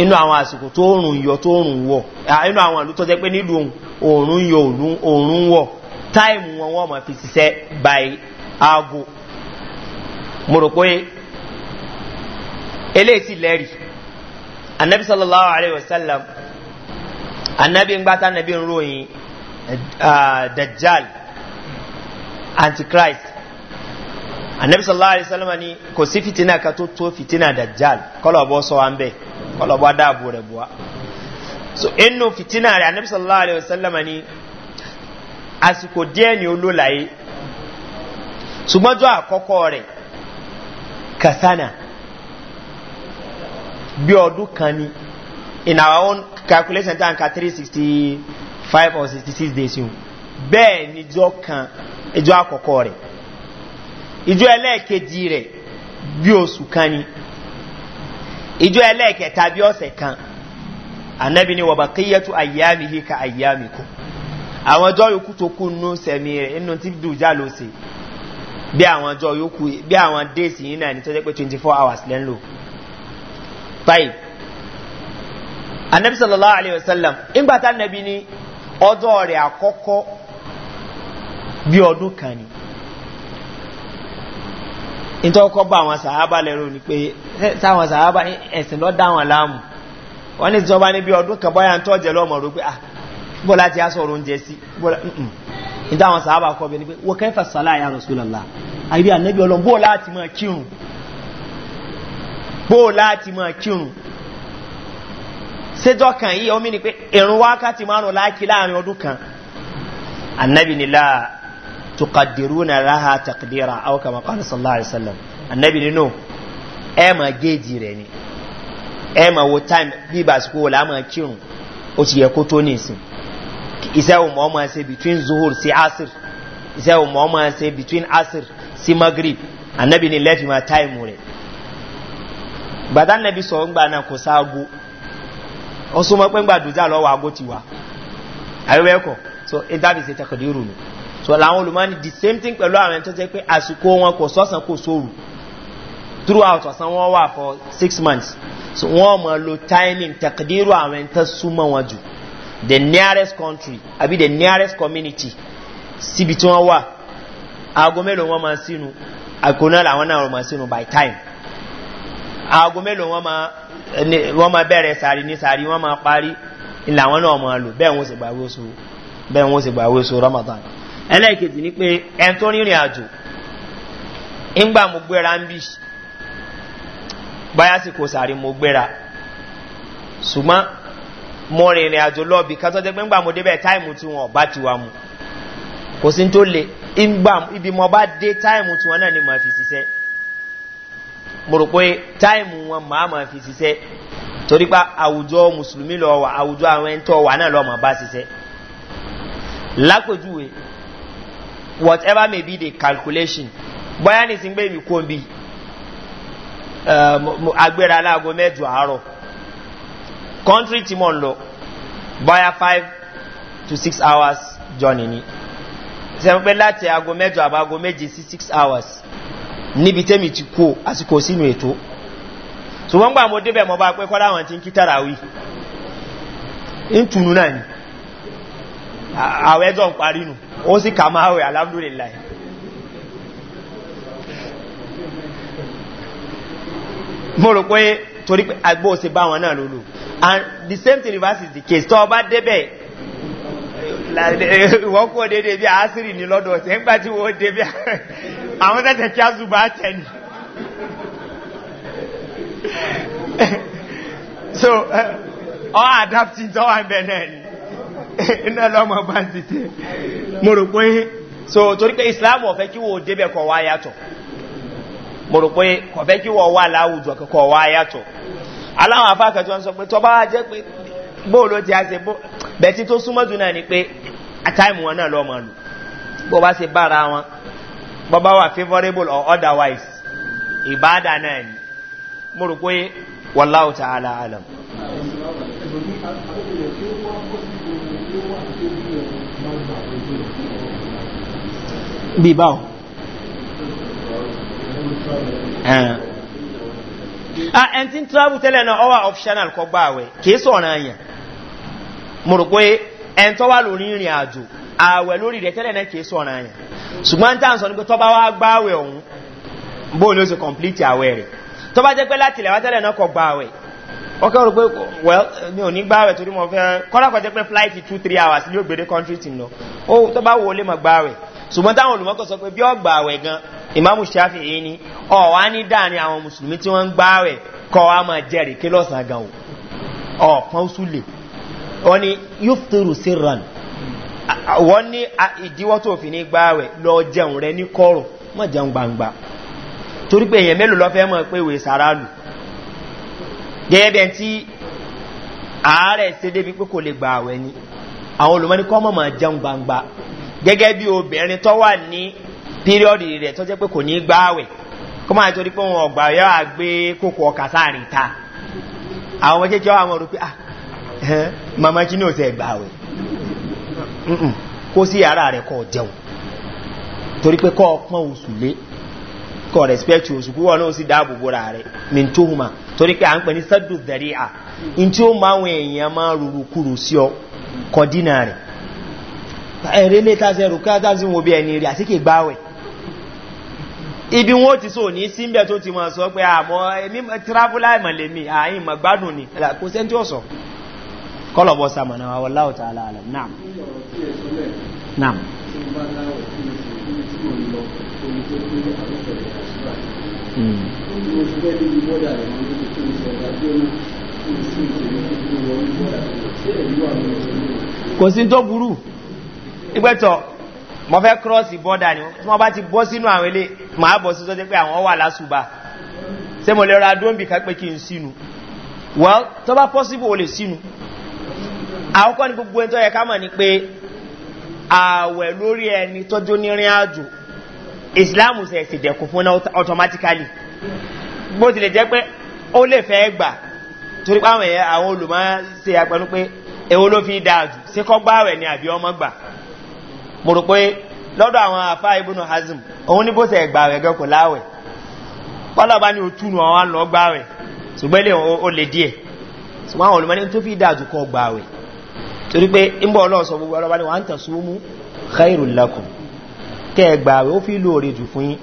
inú àwọn àsìkò tó rùn yọ tó rùn wọ̀ inú àwọn ìlú jẹ́ pé nílùú òòrùn yọ òòrùn wọ̀ táìmù wọn wọ́n mọ̀ fi ṣiṣẹ́ báyìí aago mo rò pé eléyìí ti lẹ́rìí anabi ń gbáta anabi ń ròyìn dajjal antichrist anabi sallallahu alayhi wa sallam ni kò sí fitina ka tó tó fitina dajjal kọlọ bọ sọ wa bẹ kọlọ bọ dáàbò rẹ bọ so inú fitina rẹ anabi sallallahu alayhi wa sallam ni àsìkò díẹ̀ ni olóòláyé ṣùgbọ́njọ́ àkọ́kọ́ rẹ̀ kasana bí ọdún kan ni in our own calculation time ka three sixty five or sixty six days yìí bẹ́ẹ̀ níjọ́ kan ìjọ àkọ́kọ́ rẹ̀ ìjọ ẹlẹ́ẹ̀kejì rẹ̀ bí oṣù kan ni ìjọ ẹlẹ́ẹ̀kẹta bí ọ̀sẹ̀ kan anabi ni wọba kíyẹtu ayami yìí ka ayami kù àwọn ọjọ́ yòókù tó kù nù sẹ̀mí rẹ̀ nínú tí dùjá ló ṣe bí àwọn ọjọ́ yòókù bí àwọn déèsì yìí náà ní tọ́jú pé twenty four hours lẹ́nu lò. five anabi sallallahu alayhi wa sallam ńgbà tá nàbí ni ọjọ́ rẹ̀ àkọ́kọ́ bí ọdún kan ni ìtọ́kọ́ bá àwọn ni pé táwọn sàábà ẹ̀sìn lọ́ wọn láàmù wọ́n ní ìjọba ní bí ọdún kan bọ́yá ń tọ́jẹ̀ lọ́mọ rò pé ah bó láti aṣọ oúnjẹ sí ìdá àwọn sàábà kọ́ bẹ̀ ni pé wọ́n kẹfà sàlá àyà rọ̀sùlọ́lá àbí ànẹ́bí ọlọ́ bó láti mọ̀ kírun bó láti mọ̀ séjọ́ kan yìí omi ni pé ìrún wákàtí márùn láàkí láàrin ọdún kan annabi ni láà tukadiru na láha takdira auka makon sallallahu alaihi wasallam annabi ni no ẹ ma géèjì rẹ ni ẹ ma wo time bí basiko wọlé a ma kírun o ti yẹ kó tó nìsín iṣẹ́ wo mọ́ ma ṣe between zuhur sí asir iṣẹ́ wo mọ́ ma ṣe between asir sí magrib annabi ni lẹ́fì ma time rẹ̀ gbàdá sọ̀rọ̀ gbà náà kò sáà gbó ọsún mọ́ pé ń gbà dùjá lọ́wọ́ agbó ti wà àríwẹ́kọ̀ so ìdábì sí tẹkọ̀dérù nù so làwọn olùmọ́ni the same thing pẹ̀lú àwọn tó jẹ́ pé àsìkò wọn kò sọ́sàn kò sóòrù throughout ọ̀sán wọn wà for six months so wọ́n mọ̀ lo timing tẹkọ̀dérù àwọn tó súnmọ́ wọn jù the nearest country àbí the nearest community síbi tí wọ́n wà aago mélòó wọn máa sínú àgọ́ náà làwọn náà máa sínú by time aago mélòó wọ́n máa bẹ̀rẹ̀ sàárì ní sàárì wọ́n máa parí ilẹ̀ àwọn náà máa lò bẹ́ẹ̀ wọ́n sì gbàwé oṣù ramadan ẹlẹ́ẹ̀kejì ni pé ẹn tó rìnrìn àjò ńgbà mo gbéra ń bì báyà sì kò sàárì mo gbéra ṣùgbọ́n mo rìnrìn àjò lọ́ọ̀bì kátó jẹ́ pé ńgbà mo débẹ̀ táìmù tí wọn ọ̀bá ti wà mu kò sí ní tó le ibi mo bá dé táìmù tí wọn náà ni mo fi ṣiṣẹ́ mo rò pé táìmù wọn màá máa fi ṣiṣẹ́ torí pa àwùjọ mùsùlùmí lọ wà àwùjọ àwọn ẹni tó wà náà lọ́mọ bá ṣiṣẹ́ lápèjúwe whatever may be the calculation bóyá nìsín gbé mi kó eh, mi agbèrè aláàgọ mẹ́jọ àárọ̀ country tí mo ń lọ bóyá five to six hours journey ni sẹ́wọ́n pé láti aago mẹ́jọ àbáago méje sí six hours níbi tẹ́mi ti kú àsìkò sínú ètò ṣùgbọ́n gbà mo débẹ̀ mo bá pẹ́ kọ́ láwọn tí ń kí tàràwí ń tùnú náà ni àwẹ́ ń parí nù ó sì kà máa wẹ̀ alábúrúlélàí mo rò pé torí àgbò ṣe bá wọn náà lólo and the same thing reverse is the case tọ́ ọ bá débẹ̀ wọ́n kò dédé bí asiri ní lọ́dọ̀ ṣe ń gbà wọ́n dé bí àwọn tẹ́tẹ̀ kí so all adapting tó wà ń iná lọ́mọ bá ń so torí pé islam ọ̀fẹ́ kí wọ́n dé bẹ̀ wá yàtọ̀ mo rò kọ̀fẹ́ kí wọ́n wà láwùjọ kọ̀ wá yàtọ̀ sọ pé bóòlù ti a ṣe bẹ̀tí tó súnmọ́ jù náà ni pé àtàìmù wọn náà lọ́mọ lù bó bá ṣe bára wọn bó bá wà favourable or otherwise ìbáàdà náà ni mo rò pé wàláwù tá a la àlọ́. bí báwo. ẹn ah, tí ń travel tẹ́lẹ̀ náà ọ wà optional kọ gbáwẹ̀ kìí sọ̀rọ̀ àyàn mo rò pé ẹn tó wà lórí ìrìn àjò ààwẹ̀ lórí rẹ̀ tẹ́lẹ̀ náà kìí sọ̀rọ̀ àyàn ṣùgbọ́n tá à ń sọ ni pé tọ́ba wa gbá àwẹ̀ ọ̀hún bóun ó ṣe complete àwẹ̀ rẹ̀ tọ́ba jẹ́ pé láti ilẹ̀ náà kọ gba àwẹ̀ well mi ò ní gba àwẹ̀ torí mo fẹ́ two three hours ni yóò country team lọ ó tọ́ba wo lè mọ̀ gba àwẹ̀ ṣùgbọ́n táwọn olùmọ́kọ̀ sọ pé bí ọ gba àwẹ̀ gan ìmáàmù ṣáfì yìí ni ọ̀ wá ní wọ́n ni yúftúrù síran wọ́n ní ìdíwọ́ tó fi ní gbáwẹ̀ lọ jẹun rẹ ní kọ́rùn mọ́ jẹun gbangba torí pé èèyàn mélòó lọ́fẹ́ mọ̀ pé wèé sàrà lù gẹ́gẹ́ tí ààrẹ ṣe débi pé kò lè gbàwẹ̀ ni àwọn olùmọ́ni kọ́ mọ̀ mọ̀ jẹun gbangba gẹ́gẹ́ bí obìnrin tó wà ní píríọ̀dì rẹ̀ tó jẹ́ pé kò ní gbáwẹ̀ kó máa torí pé wọn ọgbà yọ àgbé kókò ọkà sáàrin ta àwọn kékeré àwọn rò pé ah mama kí ní ò tẹ́ Ko kó sí ara rẹ̀ kọ́ jẹun torí pé kọ́ ọpọ́n oṣù lé kọ́ respect oṣù kúrò náà sí dáàbò bóra rẹ̀ mi tó hùmà torí pé à ń pè ní sẹ́dù dẹ̀rí à in tí ó máa wọn èèyàn máa rúru kúrò sí ọ kọ́ dínà rẹ̀ ẹ̀rẹ́ lé tàṣẹ rù ká wo bí ẹni rí àti kì ibi wọn ti sọ ní síbẹ̀ tó ti mọ̀ sọ pé àmọ́ ẹ̀mí travel àìmọ̀lẹ́mí àyìn gbádùn ni kò sẹ́ńtì kọ́lọ̀ bọ́ sàmọ̀nà wa wọ́n láwọ̀ tààlà àlẹ̀ náà náà kò sí tó burú ìgbẹ́tọ̀ fẹ́ bọ́dà ni wọ́n bá ti bọ́ sínú àwọn ilé bọ̀ sí pé àwọn wà well tó bá possible o àkọ́kọ́ ni gbogbo ẹni tó yẹ ká mọ̀ ni pé ààwẹ̀ lórí ẹni tọ́jú nírin àjò ìsìláàmù sẹ̀ sì dẹ̀kùn fún náà automatically bó tilẹ̀ jẹ́ pé ó lè fẹ́ gbà torí pé àwọn ẹ̀yẹ àwọn olùmọ̀ ṣe àpẹnu pé èwo ló fi dáa jù kọ́ gbá ni hazim òun ní bó ṣe gbà àwẹ̀ gan kò láwẹ̀ pọ́lọ́ba ni òtún àwọn lọ gbà àwẹ̀ ṣùgbọ́n ó lè díẹ̀ torí pé ń bọ̀ ọlọ́ọ̀sọ gbogbo ọlọ́ba ni wọ́n ń tàn súnmú khairu lakum kẹgbà ó fi lóore jù fún yín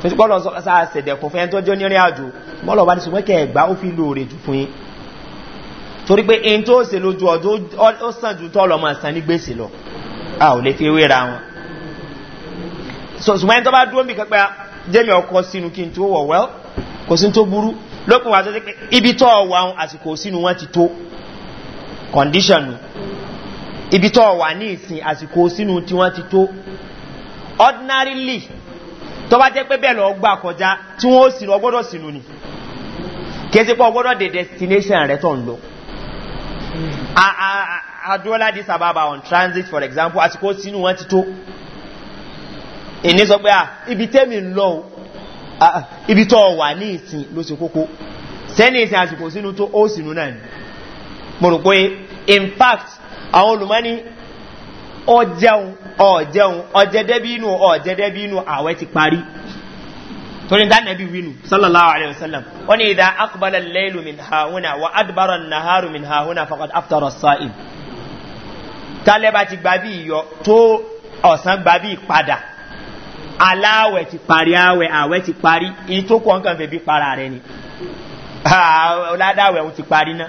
fún sí bọ́ọ̀lọ́ fẹ́ tó jọ nírìn àjò bọ́ọ̀lọ́ba ni sùnmọ́ kẹgbà ó fi lóore jù fún yín torí pé in tó ṣe lójú ọdún ó sàn ju tọ́lọ́ máa san ní gbèsè lọ a ò lè fi wéra wọn sùnmọ́ ẹni tó bá dúró bí kẹpẹ́ jẹ́mi ọkọ sínú kí condition ibi tó wà ní ìsìn àsìkò sínú tí wọ́n ti tó ordinarily tó bá jẹ́ pé bẹ́ẹ̀ lọ gbà kọjá tí wọ́n ó sì lọ gbọ́dọ̀ sínú ni kì í ṣe pé ọ gbọ́dọ̀ dé destination rẹ tó ń lọ adúlá dis ababa on transit for example àsìkò sínú wọn ti tó ìní sọ pé ibi tẹ́mi ń lọ ibi tó wà ní ìsìn ló ṣe kókó sẹ́ni ìsìn àsìkò sínú tó ó sínú náà ni mo rò in fact àwọn olùmọ́ni ọjẹun ọjẹun ọjẹdẹbínú ọjẹdẹbínú àwẹ ti parí torí dánàbí wínú sallallahu alayhi wa sallam wọ́n ni ìdá akubala lẹ́lu min hauna wa adbara naharu min hauna fakad aftara sa'im tálẹ́bà ti gbà bí iyọ tó ọ̀sán gbà bí padà aláwẹ̀ ti parí àwẹ̀ àwẹ̀ ti parí ìtókù ọ̀nkànfẹ̀ bí para rẹ̀ ni ọ̀làdáwẹ̀ ti parí náà